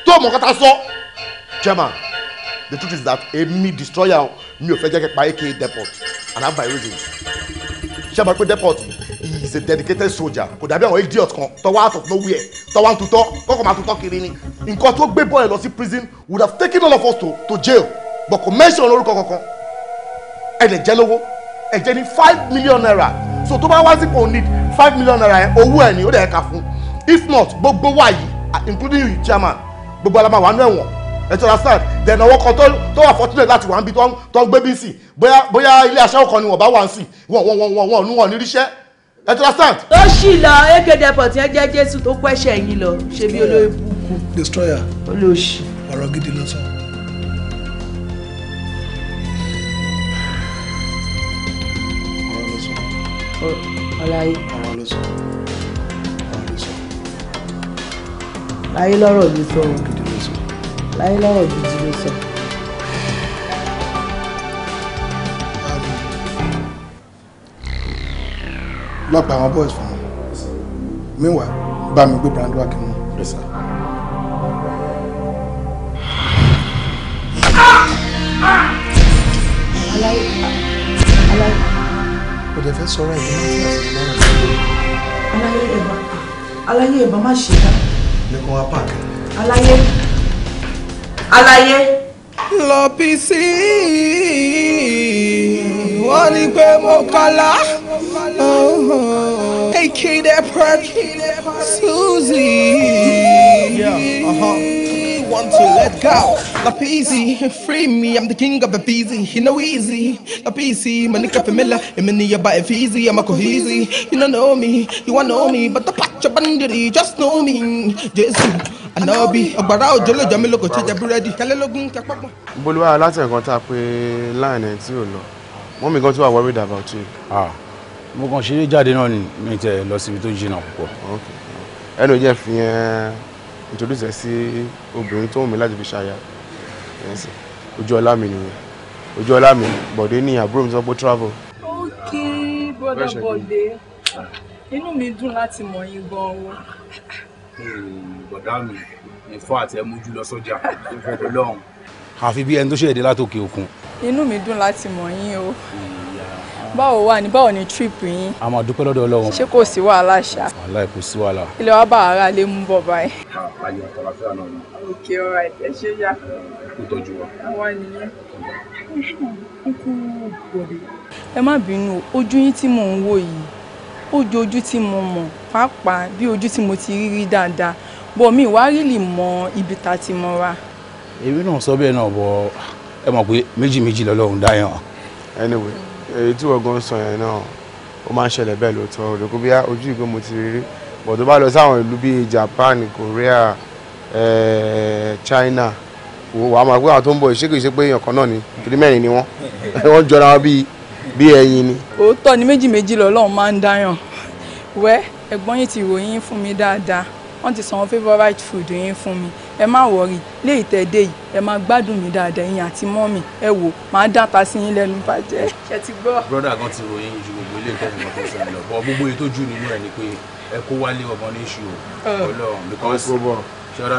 S2: tó mọ̀ kátà sọ. chairman the truth is that èmi destroyer mi ò fẹ́ jẹ́ kí pa AK depot and I have my reasons ṣé àbá pé depot yìí a dedicated soldier kò dàbí àwọn idiot kan tọwọ́ out of nowhere tọwọ́ ń tutọ́ kọ́kọ́ máa tutọ́ kiri ni nǹkan tó gbé bọ́ọ̀lù lọ sí prison would have taken all of us to to jail but kò mention olórúkọ kankan ẹ lè jẹ́ lówó ẹ jẹ́ ní five million naira so tó bá wá sí kò need five million naira yẹn owó ẹ̀ ni ó dẹ̀ fún if not gbogbo wa yìí including you chairman gbogbo alamọ àwọn àánú ẹ̀wọ̀n ẹtọ́ la stand then ọwọ́ kan tó wà fortunate láti wà ń bi tó ń gbé bí sí bóyá bóyá ilé aṣẹ́wó kan ni wọ́n bá wà ń sìn wọ́n wọ́n wọ́n wọ́n wọ́n ní ríṣẹ́ ẹ ti understand. ó sì lọ ak depot yẹn jẹ́
S5: jésù tó kọ́ ẹ̀ṣẹ̀ yín lọ ṣe bí olóyè búkú. destroyer
S2: olóòṣì. ọ̀rọ̀ gidi ló sọ.
S5: ọ̀rọ̀ ló sọ. ọ̀làyé. ọ̀rọ̀ ló sọ. láyé lọ́rọ̀ ló sọ. ọ̀rọ̀ gidi ló sọ. láyé lọ́rọ̀
S2: ló sọ. lọ pa àwọn boys fún wọn meanwhile bá mi gbé Brandwak mú. Yes, sir. kò dẹ̀ fẹ́ náà fún àṣírí lọ́rùn sí i. aláyé ẹ̀bà aláyé ṣe dá.
S5: lẹ́kùn wa pààkì. aláyé aláyé.
S1: lọ bí sí i wọ́n ní pé mo kálá. Oh, AK that perk, Susie. Yeah, uh-huh. Want to let go. La peasy, free me, I'm the king of the peasy. You know easy. La peasy, manika pemela, emini ya ba easy, I'm a cohesy. You don't know me, you wanna know me, but the patch bandiri, just know me. Jesus. ànábì ọgbàrá òjò lòjọ mi lóko tíjà búrẹ́dì kẹlẹ́lógún kẹpọ́pọ́.
S2: bolúwa láti ẹ̀kan tá a pé láàrin ẹ̀ tí ò lọ mọ́mí gan tí wà worried about you. Ah mo kàn ṣeré jáde náà ni mi tẹ lọ síbi tó jìnnà púpọ̀. ẹnu jẹ́ fi yẹn introduce ẹ sí obìnrin tó ń mi láti fi ṣaya ojú ọlá mi nìyẹn ojú ọlá mi bọ̀dé ní àbúrò mi sọ pé travel.
S6: ok bọ́dọ̀ bọ̀dé inú mi dùn láti mọ̀ yín gan-an o.
S2: Hmm, bọ̀dá mi ní fún àti ẹmújú lọ sọ́jà lọ́hùn. àfi bí ẹni tó ṣe èdè látòkè òkun.
S6: inú mi dùn láti mọ̀ yín o. Hmm báwo wà ní báwo ni trip yín.
S2: a máa dúpẹ́ lọ́dọ̀ ọlọ́run.
S6: ṣé kò sí wàhálà ṣá.
S2: wàhálà kò sí wàhálà.
S6: ilé wa bá ara lè mú bọ̀ báyìí.
S2: ayé àtàlàfíà náà ni.
S6: ok alright ẹ ṣe yá. kó tọ́jú wa. àwa nìyẹn. ẹ má bínú ojú yín tí mò ń wò yìí ó ju ojú tí mo mọ̀ pàápàá bí ojú tí mo ti rí rí dáadáa bọ̀ mi wá rí lè mọ ibi tá a ti mọ ra.
S2: èmi náà sọ bẹ́ẹ̀ náà bọ̀ ẹ mọ̀ pé méjì méjì lọ́lọ́run dáyàn. anyway èyí tí wọ́n gan sọ yẹn náà ó máa ń ṣẹlẹ̀ bẹ́ẹ̀ lóòótọ́ òdòkó bí ojú ìgbé mo ti rí bọ̀ tó bá lọ sáwọn ìlú bíi Japan Korea eh, China wà á máa gbé àwọn tó ń bọ̀ ìṣègùn ìṣègùn pé èèyàn kan náà ni kìlí mẹ́rin ni wọ́n wọ́n jọra wọn bíi bíi ẹyin
S3: ni.
S6: òótọ́ ni méjì méjì lọ́lọ́run máa ń dáyàn wẹ́ ẹ̀gbọ́n yìí ti ròyìn fún mi dáadáa wọ́n ti sanwó favourite food yín fún mi ẹ má wọrí lé ìtẹ̀dé yìí ẹ máa gbádùn mi dáadáa ẹ̀yin àti mọ́mì ẹ wò máa dáta sí yín lẹ́nu bàjẹ́
S2: ṣe ti gbọ́. broda kan ti ròyìn ju gbogbo ilé ìkẹ́sìn kan tó sọ lọ bọ gbogbo èyí tó jù nínú ẹ ni pé ẹ kó wálé ọmọ ní iṣu
S3: Ọlọ́run because ṣọdọ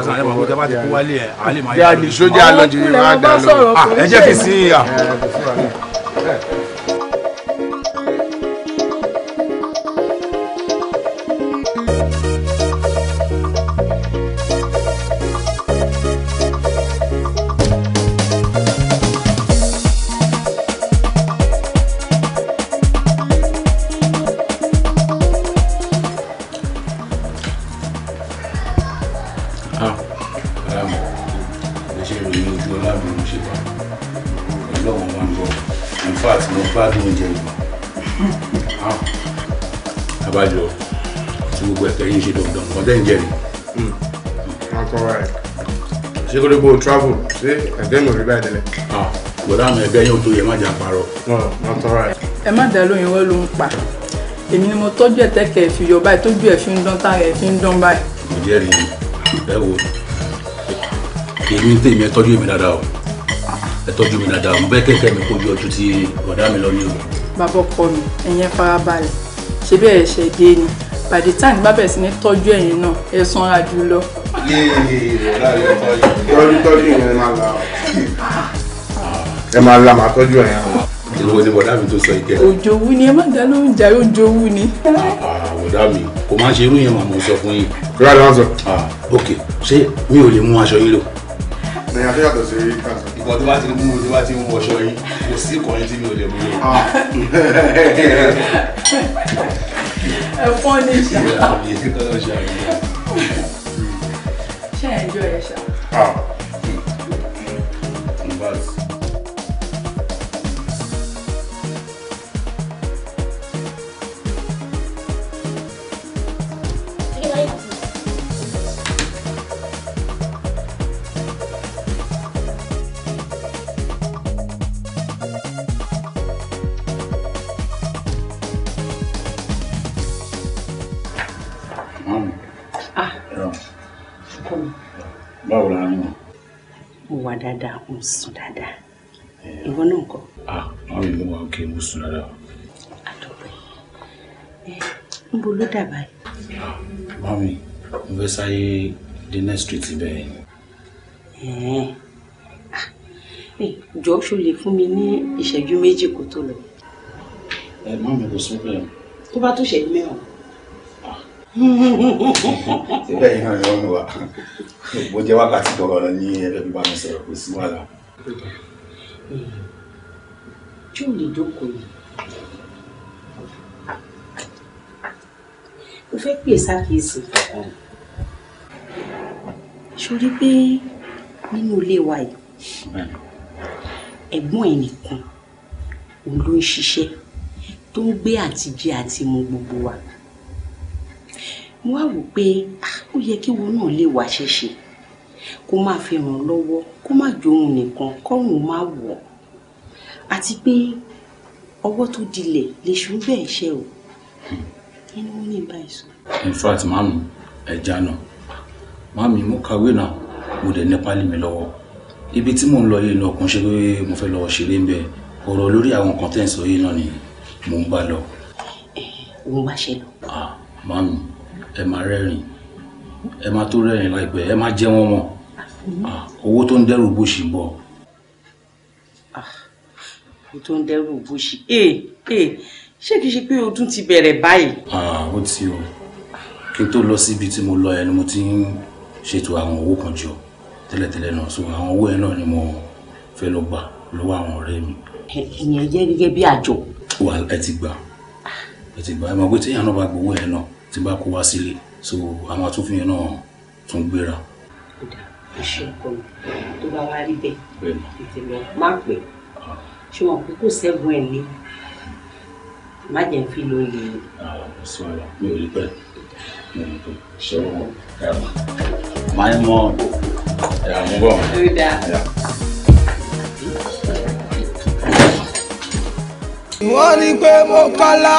S3: sàn ẹ mọ pé jábá ti kó wálé ẹ àá lè máa yẹ lójú. sójà lọ jìnnà máa dà lọ ẹ jẹ́ kí sí i.
S2: nítorí pé o travel ṣé ẹgbẹ́ mi ò rí báyìí tẹ́lẹ̀. Ah, bọ̀dá mi ẹgbẹ́ yóò tó yẹ má jà parọ́. Oh, ẹ má
S6: dá lóyún wọ́n ló ń pa èmi ni mo tọ́jú ẹ̀ tẹ́kẹ̀ fi yọ báyìí tójú ẹ̀ fi ń dán táyà ẹ̀ fi ń dán báyìí.
S2: mo jẹ́ rí ẹ wo èmi ń tèmi ẹ tọ́jú èmi dáadáa o ẹ tọ́jú mi dáadáa mo bẹ́ kẹ̀kẹ́ mi kó ju ọdún tí bọ̀dá mi lọ ní o.
S6: bàbá ọkọ mi ẹ̀yẹn farabalẹ̀ ṣe bẹ́ẹ̀ ṣẹ̀ dé ni by the time bá bẹ̀rẹ̀ sí ní tọ́jú ẹ̀yìn náà ẹ sanra jù lọ.
S2: tọ́jú tọ́jú yẹn máa la ẹ máa la màá tọ́jú ẹ̀yìn àwọn. ìwọ ni bọ̀dá mi tó sọ ìkẹ́.
S6: òjòwú ni ẹ má dá lóhùn jà òjòwú ni. Ah,
S2: bọ̀dá mi kò má ṣe irú yẹn màá mọ̀ sọ fún yín. kíláà ni wọ́n sọ. ok ṣé mi ò lè mú aṣọ yín lò ní aṣọ́yàtọ̀ sí kanṣọ. ìwọ tó bá ti mú tó bá ti mú ọṣọ yín kò sí ìkọrin tí ẹ̀fọ́ ní ìṣá.
S6: ṣe ẹ̀ enjoy ẹ̀
S4: dada ń sùn dáadáa ìwọ náà kọ. ah mami mo wà ókè mo sùn dáadáa. àdúgbò yìí ń bo ló dàbà yìí.
S2: ah mami mo fẹ́ sáyé the next street bẹ́ẹ̀ ni.
S4: Ah, jọ̀ọ́ ṣo lè fún mi ní ìṣẹ́jú méjì kó tó lọ. ẹ eh, má kò sọ bẹ́ẹ̀. tó bá tó ṣẹ́jú mẹ́wàá síbẹ̀
S2: yìí náà lọ́rùn wa bó jẹ́ wákàtí tọrọ lọ ní ẹgbẹ́ bíbá mi sọ̀rọ̀ kò sí wàhálà.
S4: jù lè dókòó yìí o fẹ́ pè sákìsì sórí pé nínú ilé wa yìí ẹ̀gbọ́n ẹ̀ nìkan òun ló ń ṣiṣẹ́ tó ń gbé àtijẹ àti mu gbogbo wa mo wá wò pé ó yẹ kí wọn náà lè wá ṣẹṣẹ kó máa fi ràn lọ́wọ́ kó má jóun nìkan kọ́rùn má wọ̀ àti pé ọwọ́ tó dilẹ̀ lèṣù bẹ́ẹ̀ ṣe o inú wọn ní báyìí sọ.
S2: in fact màmú ẹja náà màmí mo kàwé náà mo dẹ̀ ní pálí mi lọ́wọ́ ibi tí mò ń lọ yìí náà kò ń ṣe pé mo fẹ́ lọ́ọ́ ṣeré ń bẹ ọ̀rọ̀ lórí àwọn nǹkan tẹ̀ ń sọ yìí náà ni mò ń bá lọ. òun wá ṣe lọ. ah màmí ẹ máa rẹ́rìn ẹ máa tó rẹ́rìn láìpẹ́ ẹ máa jẹ́ wọ́n mọ̀ owó tó ń dẹ́rù bóṣì ń bọ̀.
S4: owó tó ń dẹ́rù bóṣì ee eh, ee eh, ṣé kìí ṣe pé ọdún ti bẹ̀rẹ̀ báyìí.
S2: ó ti o kí n tó lọ síbi tí mo lọ ẹ ni mo ti ń ṣètò àwọn owó kan jọ tẹ́lẹ̀tẹ́lẹ̀ náà so àwọn owó yẹn náà ni mo fẹ́ lọ gbà lọ́wọ́ àwọn ọ̀rẹ́ mi.
S4: ìyẹn jẹ́ gẹ́gẹ́ bí àjọ.
S2: wà ẹ ti gbà ah. ẹ ti gbà ẹ mọ̀ pé téèyàn náà bá gbowó yẹn náà tí bá kó wá sílé so àwọn àtúnfin yẹn náà tún gbéra. iṣẹ́ ọkọ mi
S5: tó bá wá rí
S4: bẹ́ẹ̀ tètè lọ má pẹ́ ah. ṣé wọn kò kó sẹ́gun ẹ̀ lé má jẹ́ fi ló lè. Ah, mi ò lè pẹ́ mi ò lè pẹ́ ṣé wọn
S2: máa ń mọ ẹ̀rọ àmúgbọ̀n.
S1: wọ́n ní pé mo kọ́lá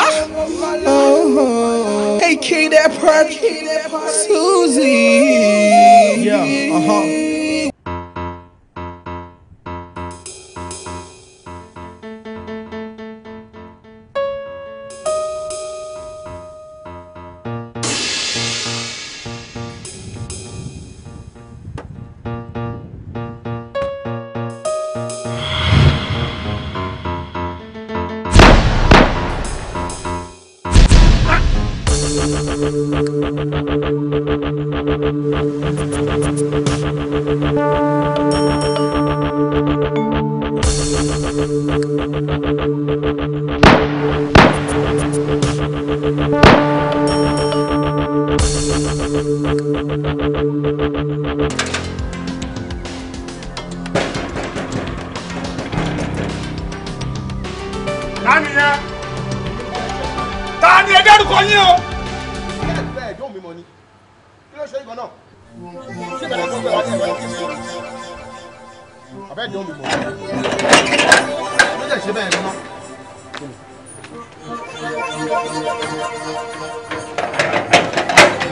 S1: èkéde pẹ́ẹ́kì
S3: Suzy. Yeah, uh-huh.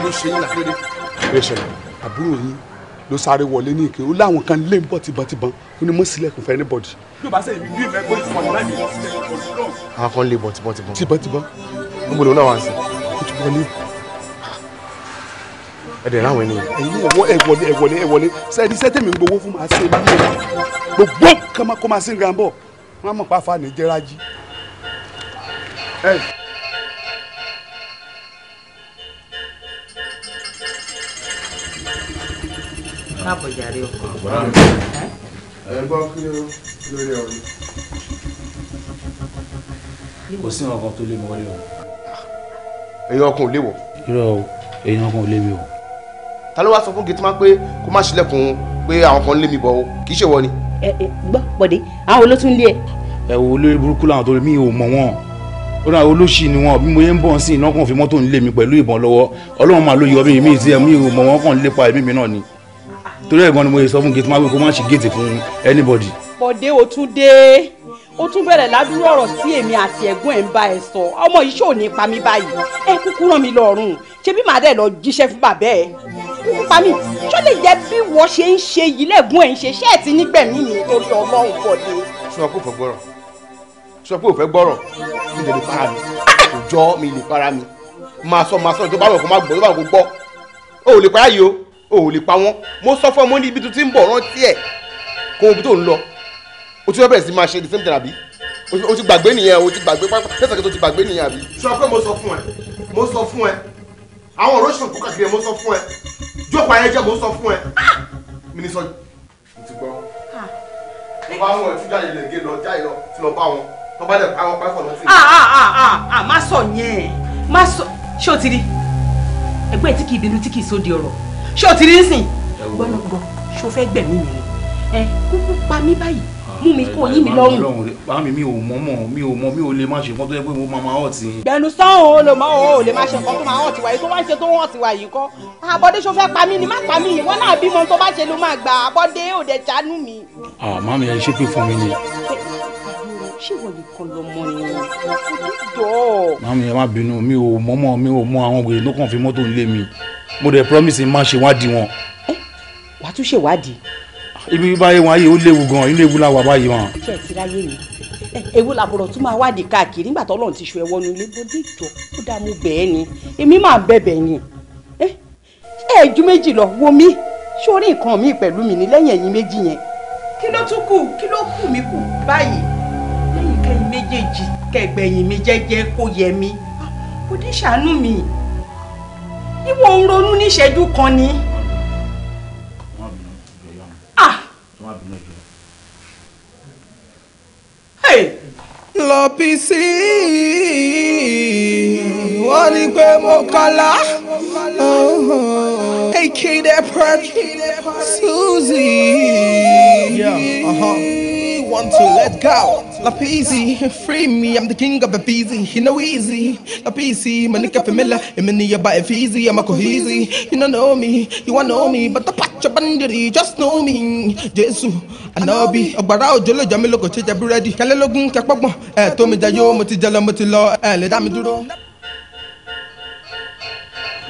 S2: ló ṣe yín àbúrò yín ló sáré wọlé ní ìké ó láwọn kan lé ń bọ̀ ó ní mọ́ sílẹ̀kùn fẹ́ ní bọ̀dì. yóò bá sẹ́yìn bí ìfẹ́ kó ìfọ̀nù láti ìfọ̀nù. àwọn kan lè bọ̀ tibọ̀tibọ̀n. tibọ̀tibọ̀n. níbo lòun náà wá sí. ó ti wọlé. ẹ dẹ̀ láwọn ènìyàn. ẹ̀yin ẹ̀wọ́ ẹ̀wọ́lé ẹ̀wọ́lé ẹ̀wọ́lé sẹ́ni sẹ́tẹ̀mí gbowó fún màá ṣe gbogbo kọ́má Hey. Káàbọ̀ jàre ọkọ̀. Ẹ gbọ́ kí ló lórí ọ̀rọ̀ Kò sí ọkàn tó lé mi wọlé o. Èèyàn ọkàn ò léwọ̀. Irọ́ o, èèyàn ọkàn ò lé mi o. Ta ló wá sọ fún Gitman pé kó má ṣílẹ̀kùn pé àwọn kan ń lé mi bọ̀ o, kì í ṣèwọ ni. Ẹ gbọ́ Bọ̀dé, àwọn olótún lé ẹ. Ẹ wo olórí burúkú làwọn tó lé mi ò mọ̀ wọ́n ra olóṣì ni wọn bí mo yẹ ń bọ̀ sí iná kàn fi mọ́tò ń lé mi pẹ̀lú ìbọn lọ́wọ́ ọlọ́run máa ló yọ mi ti mi ò mọ̀ wọ́n kàn lépa ẹ̀mí mi náà ni torí ẹ̀gbọ́n ni mo yẹ sọ fún gate magbẹ́ kó má ṣe gate fún anybody.
S4: bọ̀dé o tún dé o tún bẹ̀rẹ̀ ládùúrọ̀ ọ̀rọ̀ tí èmi àti ẹ̀gbọ́n ẹ̀ ń bá ẹ sọ ọmọ yìí ṣò ní pa mí báyìí ẹ kúkú ràn mí lọ́rùn ṣé bí màá dẹ̀ lọ jíṣẹ́ fún bàbá ẹ̀ kúkú pa mí ṣó lè jẹ́ bí wọ́n ṣe ń ṣe yìí lẹ́gbọ́n ẹ̀ ń ṣe ṣẹ́ẹ̀tì nígbẹ̀mí mi
S2: torí ọlọ́run bọ̀dé. sọ kó fọ sọ pé ò fẹ́ gbọ́rọ̀ mi lè para mi kò jọ mi lè para mi máa sọ máa sọ tó bá wọ̀ kó má gbọ́ tó bá wọ̀ kó gbọ́ o ò lè pa yìí o ò lè pa wọ́n mo sọ fún ẹ mo ní ibi tó ń bọ̀ rántí ẹ̀ kó o bí tó ń lọ o ti fẹ́ bẹ̀rẹ̀ sí máa ṣe the same therapy o ti gbàgbé nìyẹn o ti gbàgbé pẹ́sẹ̀kẹ́ tó ti gbàgbé nìyẹn àbí. sọ pé mo sọ fún ẹ mo sọ fún ẹ àwọn ọ̀rọ̀ ṣòkò kàkiri mo sọ fún ẹ jókòó ayé jẹ́ mo sọ fún ẹ mi ni sọ ah. mo ti gbọ́ mo bá wọn ti jáde lè gé lọ jáde lọ ti lọ bá wọn wọ́n bá dẹ̀ àwọn pápọ̀ lọ sí. Ah,
S4: ah, ah, má sọ yẹn má sọ ṣé o ti rí ẹgbẹ́ tí kìí bínú tí kìí
S2: sóde ọ̀rọ̀ ṣé o ti rí nísìn gbọ́nà gbọ́ fẹ́ gbẹ̀mí mi
S4: ẹ kúkú pa mí báyìí mú mi kó yín mi lọ́rùn.
S2: báàmì mi ò mọ̀ mọ̀ mi ò mọ̀ mi ò lè má ṣe nǹkan tó yẹ pé mo máa máa hàn tí.
S6: gbẹnu sọ́hún o lè mọ o lè má ṣe nǹkan tó máa
S4: hàn tí wáyé tó bá ń ṣe tó hàn tí wáyé kọ́ àbọ̀dé ṣo fẹ́ pa mí ni má pa mí ìwọ náà bímọ tó bá ṣe ló máa gbà àbọ̀dé òde ṣàánú mi.
S2: àmọ́ mi ẹ ṣépè fún mi ni
S3: ṣé ìwọ nìkan lọmọ ni wọn jọ.
S2: màmí ẹ má bínú mi ò mọ́mọ́ mi ò mọ àwọn wèrè ló kàn fi mọ́tò ń lé mi mo dẹ̀ promise má ṣe wádìí wọn. ẹ wàá tún ṣèwádìí. ibi báyé wọn ayé ó léwu gan ilé ewu làwọn báyìí wọn.
S4: ṣé ẹ ti ráyè mi ewu làbọ̀rọ̀ tún máa wádìí káàkiri nígbà tó ọlọ́run ti ṣu ẹwọ́ nu ilé bọ́dé ìjọ ó dáa mo bẹ̀ẹ́ ni èmi máa bẹ̀bẹ̀ ni ẹ ẹ ju méjì lọ wo mi sórí nǹkan mi pẹ̀lú mi ní lẹ́yìn ẹ̀yìn méjì yẹn kí ló tún kù kí ló kù mí kù báyìí méjèèjì kẹgbẹ̀yìn mi jẹ́jẹ́ kó yẹ mi kò dé ṣàánú mi ìwọ ń ronú níṣẹ́jú
S1: kan ni. Ah! lọ bí sí wọ́n ní pé mo kọ́lá èkìdẹ pẹ́ẹ́tì Suzy. Yeah, uh-huh want to let go. Lapizi, free me, I'm the king of the busy. You know easy. Lapizi, manika famila, imenia ba efizi, I'm a cohesi. You don't know me, you wanna know me, but the pacha bandiri, just know me. Jesu, Anabi, obara òjò lè jẹ́ mi lóko ṣe jẹ́ búrẹ́dì. Kẹ́lẹ́lógún kẹ́pọ́gbọ̀n, ẹ̀ eh, tó mi jẹ́ mo ti jẹ́ lọ mo ti lọ, ẹ̀ eh, lè dá mi dúró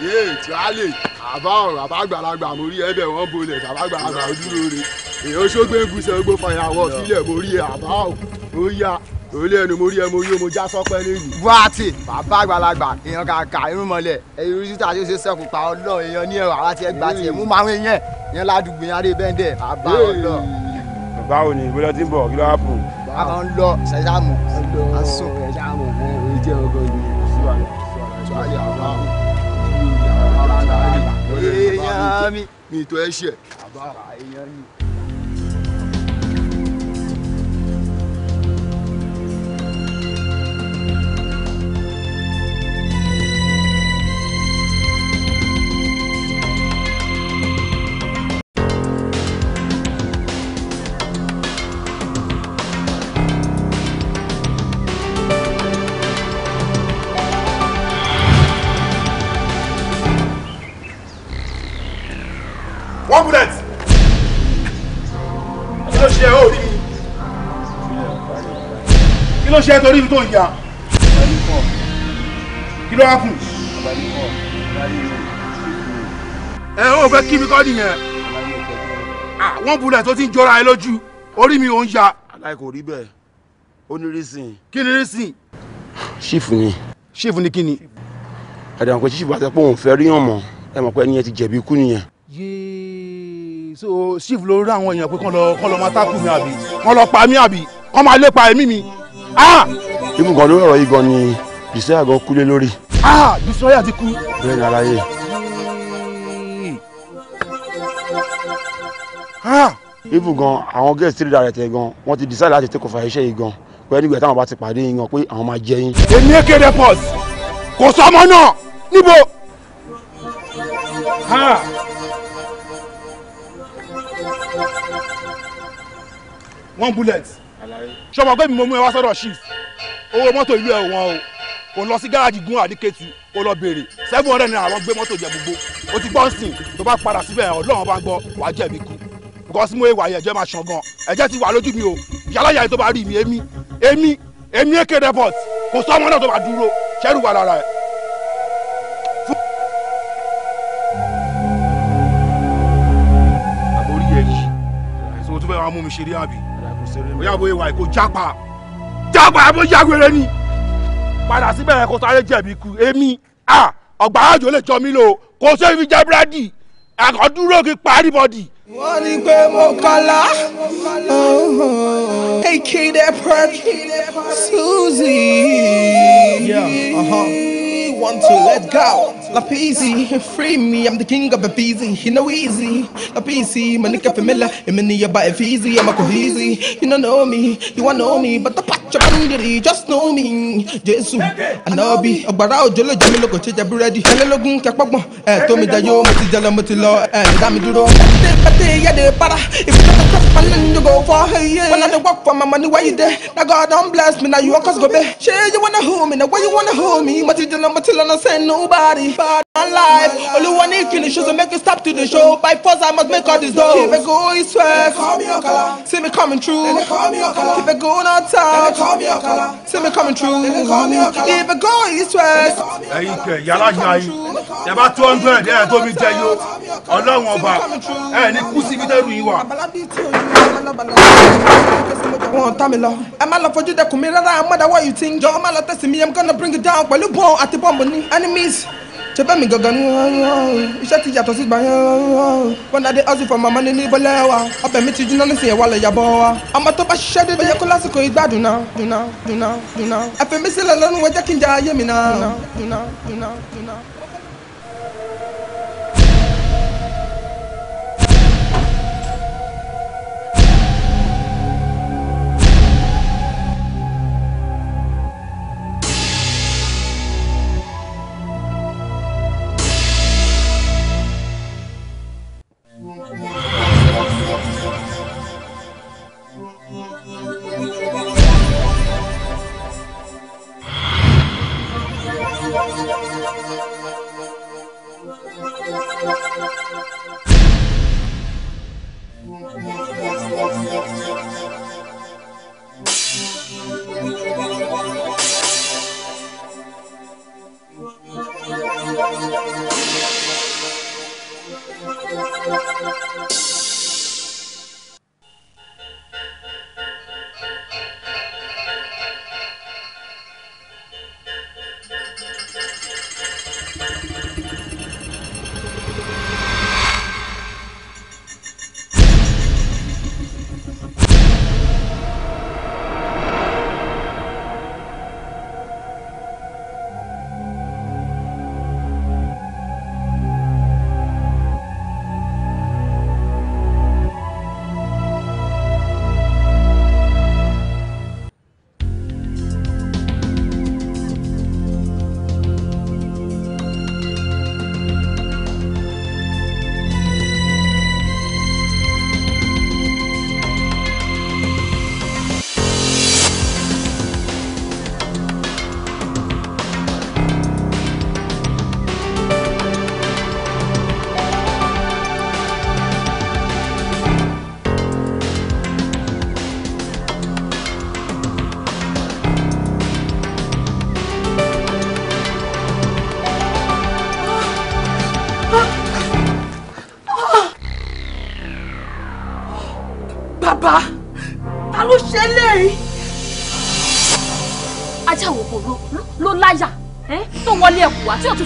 S2: yéè tí a lè àbá ọ̀rọ̀ àbá àgbàlagbà mo rí ẹbẹ̀ wọ́n bolẹ̀ àbá àgbàlagbà dúró re èyí ó ṣógbé gúúsẹ̀ gbó fàyàwọ̀ sílẹ̀ mo rí àbá ó yá òrùlé ẹnu mo rí ẹ mo yó mo já sọpẹ́ lẹ́yìn. buhati bàbá àgbàlagbà èèyàn kàkà irúnmọlẹ̀ ẹyìn oríṣiríṣi àti oṣù sẹkùn pa Ọlọ́run èèyàn ní ẹwà àwa ti ẹ gbà tiẹ mú máa ń yẹn yẹn ládùúgbò yẹn adé bẹ́ńdẹ̀ bàbá Ọlọ́run. báwo ni ìbílẹ̀ ti ń bọ̀ kí ló wá fún un. a ń lọ ṣẹ̀ṣàmù a sùn. ṣẹ̀ṣàmù ẹ̀ ẹ̀ jẹ́ ọgọ́ yìí èèyàn mi. mi tó ẹ ṣe. àbára èèyàn ni. ṣe ó rí mi. kí ló ṣe é torí mi tó ń ya. kí ló wá kù. ẹ ó fẹ́ kí mi kọ́ nìyẹn. Ah, wọ́n bulẹ̀ tó ti ń jọra ẹ lójú orí mi ò ń ya. aláì rí bẹ́ẹ̀ ó ní rísìn. kí ni rísìn. ṣífù ni. ṣífù ni kí ni. àdàkùn ṣífù àti pé òun fẹ́ rí hàn mọ́ ẹ mọ̀ pé ẹni yẹn ti jẹ̀bi ikú nìyẹn. yéé so chief ló rí àwọn èèyàn pé kán lọ kán lọ máa tákù mi àbí kán lọ pa mí àbí kán máa lépa ẹ̀mí mi. Ah! ibùn kan lórí ọ̀rọ̀ yìí gan ni bísọ́yà gan kú lé lórí. bísọ́yà ah! ti kú. bẹ́ẹ̀ ni aláyé. ibùn ah! gan àwọn guest three director gan wọ́n ti decide láti tẹ́kọ̀ọ́ fà iṣẹ́ yìí gan pé nígbà táwọn bá ti pàdé yín gan pé àwọn máa jẹ yín. èmi kéde pọ́s kò sọmọ náà níbo. one bullet ṣọmọ pé mi mo mú ẹ wá sọ́dọ̀ chief owó mọ́tò ìlú ẹ̀ wọ́n o ò lọ sí gáràjì gun àdìkẹ́tù ó lọ béèrè seven hundred naira wọ́n gbé mọ́tò jẹ gbogbo o ti gbọ́ sìn tó bá padà síbẹ̀ ọlọ́run bá gbọ́ wàá jẹ̀bi kú because mo ìwà ẹ̀jẹ̀ máa ṣàn gan ẹ̀jẹ̀ ti wà lójú mi o yàrá yàrá tó bá rí mi èmi èmi èmi èké report kò sọ ọmọ náà tó bá dúró ṣẹ́rù wà lára ẹ̀. àbórí ẹ̀ yìí àìsàn tó fẹ́ wàá mú mi ṣeré àbí bóyá bóyá ìwà ìkó jápa jápa bó yágbére ni padà síbẹ̀ yẹn kó sáré jẹ̀bi ku èmi à ọgbà àjò lè jọ mí lò kó sọ ibi jẹ búrẹ́dì àkọ́dúró kí parí bọ́dì. wọ́n ní pé mo kọ́lá
S1: èkéde pẹ́ẹ́tì Suzy. Yeah, uh-huh. want to let go. Lapizi, free me, I'm the king of Bapizi. You know easy. Lapizi, manika famila, imini ba easy, I'm a cohesi. You don't know me, you want know me, but the patch of bandiri, just know me. Jesu, Anobi, Obarao, Jolo Jamilo, Cochita Buradi, Hellogun, Kapama, and eh, Tommy Dayo, Matijala Mutilo, and eh, Damiduro. Pate, yade, para. If you don't trust Panan, you go for her. When I work for my money, why you there? Now God, don't bless me, now you are Cosgobe. Share you wanna hold me, now why you wanna hold me? Matijala still send nobody. Bad man life. Only one if finish to make you stop to the show. By force I must make all this dough. Keep it going, swear. See me coming true. Keep it going on top. See me coming true. Keep it going, swear.
S2: ẹ̀yin kẹ yàrá yàn yín yàrá bá tó ń bẹ̀rẹ̀ dẹ́rẹ́ tó mi jẹ yó ọlọ́run ọba ẹ̀ ní kú síbi dẹ́rù yín wà.
S1: wọn tà mí lọ ẹ má you, fojú dẹkùn mi rárá ẹ mọ̀dà wọ́ọ̀yù tí ń jọ ọ má lọ tẹ̀sí mi I'm gonna bring it down born at the bọ́ọ̀ mo ní enemies ṣe bẹ́ẹ̀ mi gangan ni iṣẹ́ ti yàtọ̀ sí gbà yẹn wọn dáadé ọsì fọmọ ọmọ nínú ibọlẹ̀ wa ọbẹ̀ mi ti jóná nísìnyẹ wà lẹ̀ yàbọ̀ wa ọmọ tó bá ṣiṣẹ́ dédé ó yẹ kó lásìkò ìgbà dùnà dùnà dùnà dùnà ẹ̀fẹ̀ mi sílẹ̀ lọ́nu wọn jẹ́ kí n jẹ ayé mi náà dùnà dùnà dùnà.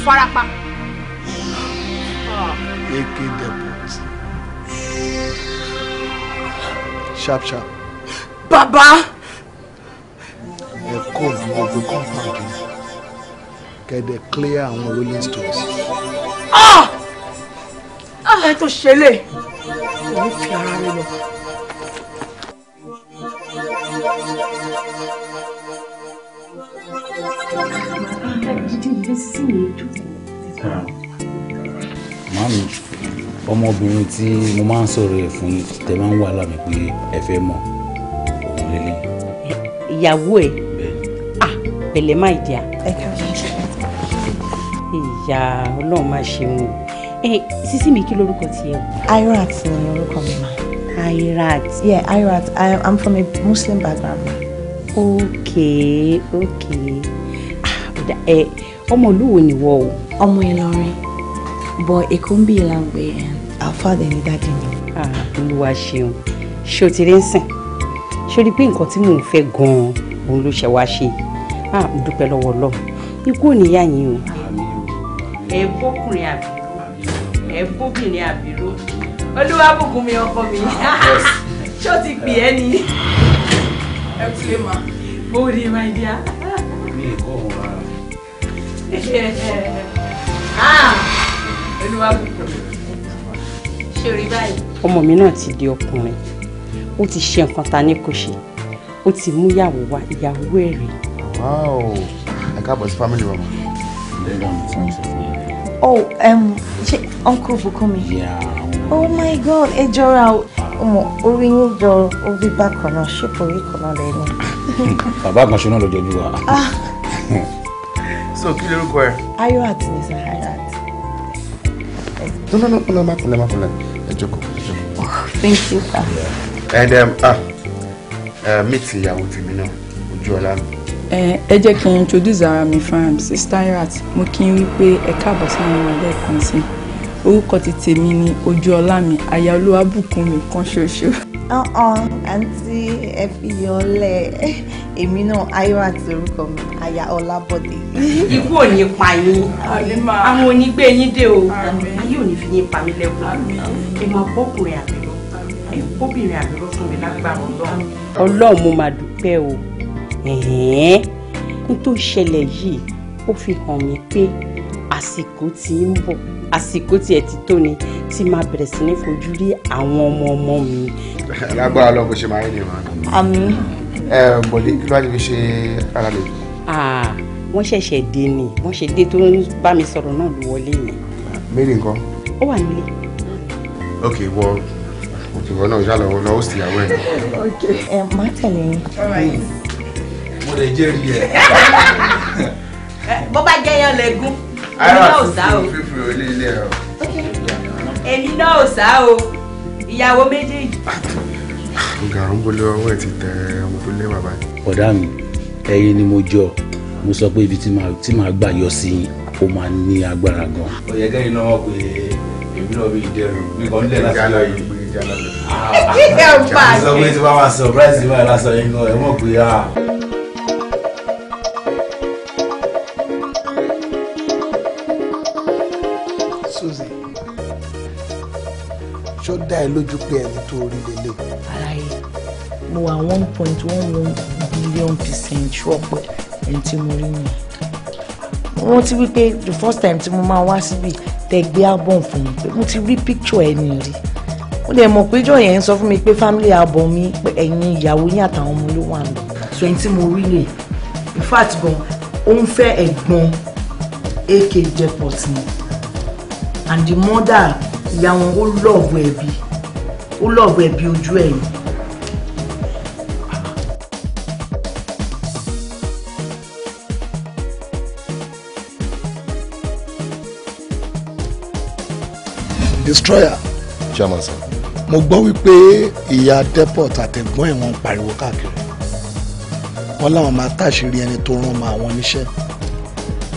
S4: Farapa. fara pa.
S2: depot. Sharp sharp. Baba. The code will be compound Get Kẹ̀dẹ̀ clear and rolling stones.
S3: Ah! Ah, ẹ Ah! ṣe lè. Òun fi ara rẹ lọ. Ah,
S2: ọmọbìnrin tí mo máa ń sọ̀rọ̀ ẹ̀ fún yín tẹ máa ń wà lámì pé ẹ fẹ́ mọ̀
S3: òun lélẹ̀.
S4: ìyàwó ẹ ah pẹ̀lẹ́ máa jẹ à. ìyá Ọlọ́run máa ṣeun
S5: o ẹ sísí mi kí lorúkọ tiẹ̀ o. irat ni orúkọ mi ma. irat. yeah irat I, i'm from a muslim background.
S4: okay okay ah, ọmọ ìlú wo ni wọ́ o. ọmọ Ìlọrin bọ Èkó ń bí ìlànà yẹn àfàdé ni dáàdi ah, mi. olúwa ṣeun ṣé o ti rí ń sìn ṣé o rí pé nǹkan tí mò ń fẹ́ gan-an òun ló ṣe wá ṣe ah mo dúpẹ́ lọ́wọ́ lọ ikú ò níyà yín o. ẹ bókùnrin àbíró ẹ bóbìnrin àbíró olúwa bùkún mi ọkọ mi ṣé o ti pè é ni ẹ tún lè mọ mo rí my dear.
S6: mi ì kọ́ ọ̀hún rárá.
S4: Ah, olúwa bùkún rí báyìí. ọmọ mi náà ti di ọkùnrin ó ti ṣe nǹkan ta ní kò ṣe ó ti mú ìyàwó wá ìyàwó ẹ̀ rèé.
S2: wow ẹ káàbọ̀ sí family wa.
S5: oh um, ṣe uncle Bùkúnmi.
S2: Yeah.
S5: oh my god ẹ jọra o ọmọ orí yín jọ orí bákan náà ṣépò orí kan náà lẹ́nu.
S2: bàbá àgbọ̀nṣe náà ló jọjú wa. Ah. so kí lorúkọ ẹ.
S5: ayọ̀ àti nisa
S2: ayọ̀ àti. no no no no má kúnlẹ̀ má kúnlẹ̀ ẹ jókòó ẹ
S5: thank you sir. Yeah.
S2: and um, ah uh, meet ìyàwó tèmi náà ojú ọlá mi.
S6: ẹ jẹ́ kí n introduce ara mi fún am sí Stayrat mo kí n wí pé ẹ káàbọ̀ sáwọn ọ̀rẹ́ kan sí orúkọ ti tèmi ni ojú ọlá mi aya olúwa bùkún mi kan
S5: Uh àǹtí ẹ fi yan lẹ èmi náà ayọ̀ àti orúkọ mi aya ọlábọ̀dé.
S4: ikú ò ní pa yín àwọn onígbé yín dé o ayé ò ní fi yín pa mí lẹ́kùn ẹ máa bọ́kùnrin àbẹ̀rọ ẹ bóbìnrin àbẹ̀rọ fún mi lágbára ọlọ́run. ọlọ́run mo máa dúpẹ́ o n tó ṣẹlẹ̀ yìí ó fi hàn mí pé àsìkò tí ń bọ̀ àsìkò tiẹ̀ ti tó ni tí máa bẹ̀rẹ̀ sí ní fojú rí àwọn ọmọ ọmọ mi. lágbára
S2: lọ bó ṣe máa rí ni màá. àmì. ẹ bọ̀dé kí ló wá ní fi ṣe ara lè.
S4: wọ́n ṣẹ̀ṣẹ̀ dé ni wọ́n ṣe dé tó ń bá mi sọ̀rọ̀ náà ló wọlé mi. mary nǹkan. ó wà nílé.
S2: ok wọ ìwọ náà yálà ọ lọ ó sì yàwó ẹ.
S5: ok ẹ má tẹ̀lé yín.
S2: mo lè jẹ́rìí
S5: ẹ. bó bá jẹ́ yán lẹ́gùn
S2: ara tuntun fífi olé ilé ẹ̀rọ.
S4: èmi náà ò sá o ìyàwó méjèèjì.
S2: ọ̀gá ń bolẹ̀ ọwọ́ ẹ̀ ti tẹ ọmọ tó lé bàbá yìí. ọ̀dà mi ẹyin ni mo jọ mo sọ pé ibi tí màá gbà yọ sí ó máa ní agbára gan. ọ̀yẹ́ kẹ́yìn náà wọ́n é èmi náà bí ìdẹ́rù bí kan lẹ̀ lásán lọ yìí. ìjà lọ. ìjà lọ.
S3: ìjà lọ. ìjà lọ. ìjà lọ. ìjà lọ. ìjà lọ. ìjà
S2: lọ. ìjà lọ. ìjà lọ. ìjà dá ẹ lójú pé ẹni tó rí lélẹ̀. aláyé mo wà
S5: one point one one
S2: billion percent sure pé ẹni tí mo rí nìyẹn
S5: mo rántí wípé the first time tí mo máa wá síbí tẹ gbé album fún mi pé mo ti rí picture ẹni rí ó dẹ̀ mọ̀ pé ìjọ yẹn ń sọ fún mi pé family album mi pé ẹ̀yin ìyàwó yín àtàwọn ọmọ ló wà lọ so ẹni tí mo rí lè in fact gan ó ń fẹ́ ẹ̀gbọ́n AK Jepot ni and the mother ìyá wọn ó lọ́ọ̀bù ẹ̀bí ó lọ́ọ̀bù ẹ̀bí ojú ẹ̀yìn.
S2: destroyer. chairman sir. mo gbọ́ wípé ìyá deport àtẹ̀gbọ́n ẹ̀ wọ́n ń pariwo káàkiri wọ́n láwọn máa táṣìírí ẹni tó rán ọmọ àwọn oníṣẹ́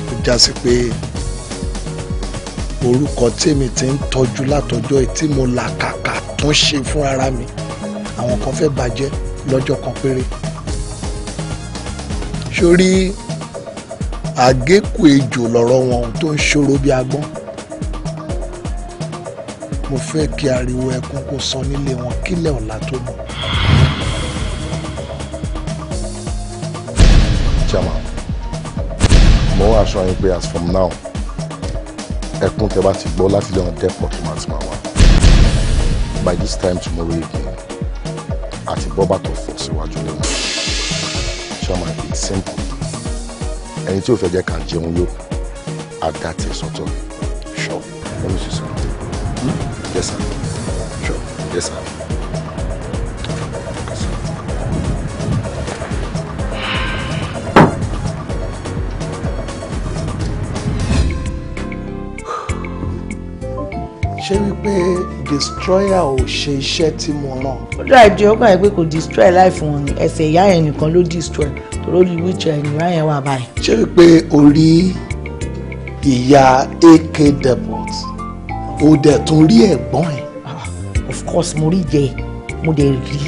S2: ó já sí pé orúkọ tèmi ti ń tọ́jú látọjọ́ tí mo làkàkà tún ṣe fún ara mi àwọn kan fẹ́ bàjẹ́ lọ́jọ́ kan péré sórí àgékù ejò lọ̀rọ̀ wọn tó ń ṣòro bí agbọ́n mo fẹ́ kí ariwo ẹkún kó sọ nílé wọn kílẹ̀ ọ̀la tó mọ̀. jama mo wá aṣọ yín pé as from now ẹkún tẹ bá ti gbọ́ láti lè hàn dẹ́pọ̀ tó máa ti máa wà. by this time tomorrow evening àti bọ́bà tó fọ̀ síwájú lẹ́nu ṣọ́mà it's simple ẹni tí ò fẹ́ jẹ́ ká jẹun yó àdá tẹ̀ sọ́tọ̀ ṣọ́ let me see something hmm? yes sir sure yes
S5: destroyer ò ṣe iṣẹ́ tí mo rán. ó dáa jẹ́ ó gbàgbé kò destroy life wọn ni ẹsẹ̀ ìyá yẹn nìkan ló destroy torí ó lè wíjọ ẹ̀yìn ìyá yẹn wà báyìí.
S2: ṣé pé orí ìyá ak debut ó dẹ̀ tún rí ẹ̀gbọ́n ẹ̀. Ah, of course mo rí ìyẹ́ mo dẹ̀ rí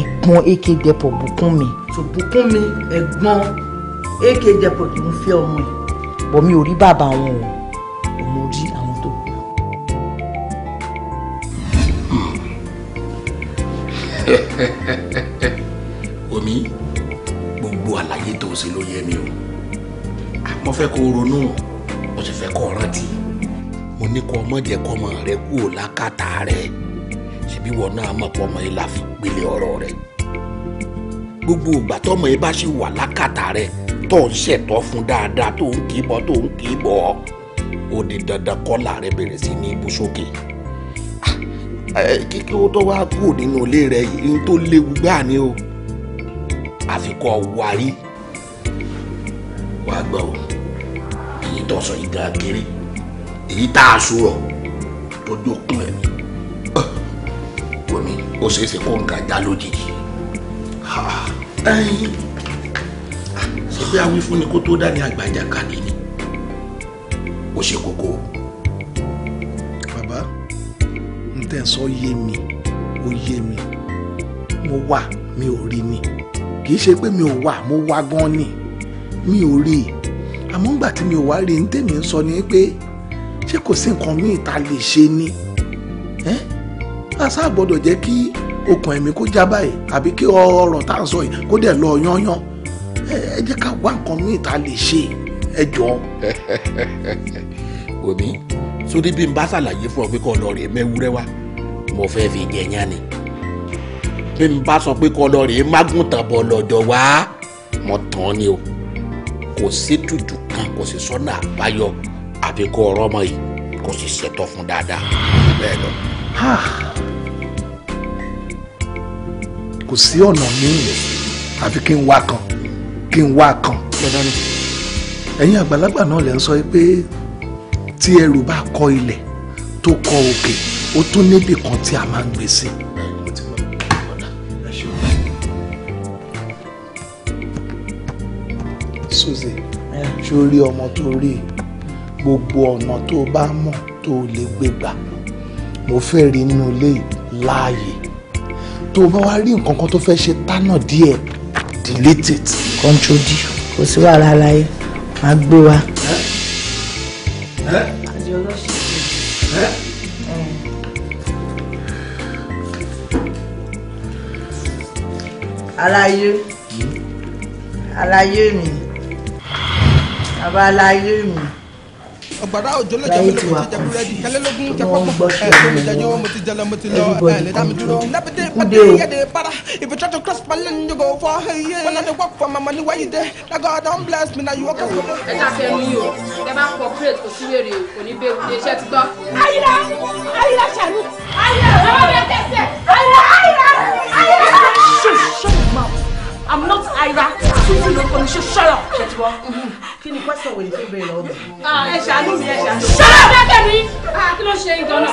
S2: ẹ̀gbọ́n ak
S5: debut bùkún mi. so bùkún mi ẹ̀gbọ́n ak debut ló ń fẹ́ ọmọ ẹ̀. bọ̀ mi ò rí bàbá wọn o.
S2: omi gbogbo àlàyé tó o ṣe ló yé mi o mo fẹ́ kó ronú mo sì fẹ́ kó o rántí mo ní kó ọmọ jẹ́ kọ́mọ rẹ kú ò lákàtà rẹ ṣebí wọn náà mọ̀ pọ̀ ọmọ yìí la fi gbélé ọ̀rọ̀ rẹ gbogbo ìgbà tọ́mọ yìí bá ṣì wà lákàtà rẹ tó ń ṣẹ̀tọ́ fún dáadáa tó ń kì í tó ń kì í ó di dandan kọ́là rẹ bẹ̀rẹ̀ sí ní ibùsókè kíkí ó tó wá kúrò nínú ilé rẹ yìí tó léwu gbáà ni o àfikọ́ wáyé wàá gbọ́ o èyí tó sọ yìí gan kéré èyí tá a sọ̀rọ̀ tó dókun ẹ̀mí omi ó ṣeé ṣe kó nǹkan já lójijì ṣé bí a wí fún ni kó tó dá ní kàdé ni ó ṣe kókó tẹ̀ ń sọ yé mi ó yé mi mo wà mi ò rí ni kì í ṣe pé mi ò wà mo wá gan ni mi ò rí i àmọ́ ńgbà tí mi ò wá rí ní tèmi ń sọ ni pé ṣé kò sí nǹkan míì tá a lè ṣe ni àṣà gbọ́dọ̀ jẹ́ kí okùn ẹ̀mí kó já báyìí àbí kí ọ̀rọ̀ tá à ń sọ yìí kó dẹ̀ lọ yányán ẹ jẹ́ ká wá nǹkan míì tá lè ṣe ẹ jọ. òní sórí bí n bá ṣàlàyé fún ọ pé kó lọ rè mẹ́wúrẹ́ wá mo fẹ́ fi jẹ yán ni bí n bá sọ pé kọ́ lọ rèé mágùntàn bọ̀ lọ́jọ́ wá mo tàn án ni o kò sí tutù kan kò sí sọ́nà àbáyọ àfi kó ọ̀rọ̀ ọmọ yìí kò sì ṣètò fún dáadáa bẹ́ẹ̀ lọ. kò sí ọ̀nà míì àfi kí n wá kan kí n wá kan. ẹ̀yin àgbàlagbà náà lè ń sọ pé tí ẹrù bá kọ ilẹ̀ tó kọ òkè. Okay ó tún níbì kan tí a máa ń gbé sí. Suzy ṣó rí ọmọ tó rí gbogbo ọ̀nà tó bá mọ̀ tó lè gbé gbà mo fẹ́ rí inú ilé láàyè tó bá wá rí nǹkan kan tó fẹ́ ṣe tánà díẹ̀ delete it. control d kò sí wàhálà láyé máa gbé
S3: wa. àjọ lọ́sẹ̀.
S5: aláyé aláyé mi bàbá aláyé mi ọ̀gbàrá òjò lọ́jọ́ mi ló ti jẹ búrẹ́dì kẹlẹ́lógún jẹpọ́pọ́ ẹ̀
S1: tó mi jẹjọ́ mo ti jẹlọ mo ti lọ ẹ̀ lè dá mi dúró. lábìdé pàdé yẹ́dẹ̀ para if you try to cross my lane you go fall iye when i dey work for my money where you dey na god don bless me na you work for me. ẹ ká fẹ́
S4: mi o ẹ bá kọ crate kò sí wèrè o kò ní bẹ́ẹ̀ iṣẹ́ ti gbọ́. ayira ayira
S5: ṣàlù ayira ọlọ́wọ́ mi ẹ tẹ̀sẹ̀ ayira. Shut up! Shut up! ti wọ́ kí ni pásítọ̀ wò ni fún ìbéèrè lọ́wọ́ mi. Ah, ẹ ṣàánú mi ẹ ṣàánú. ṣọ́rọ̀ bẹ́ẹ̀ bẹ́ẹ̀ mi ah, kí ló ṣe ìgbọ̀nà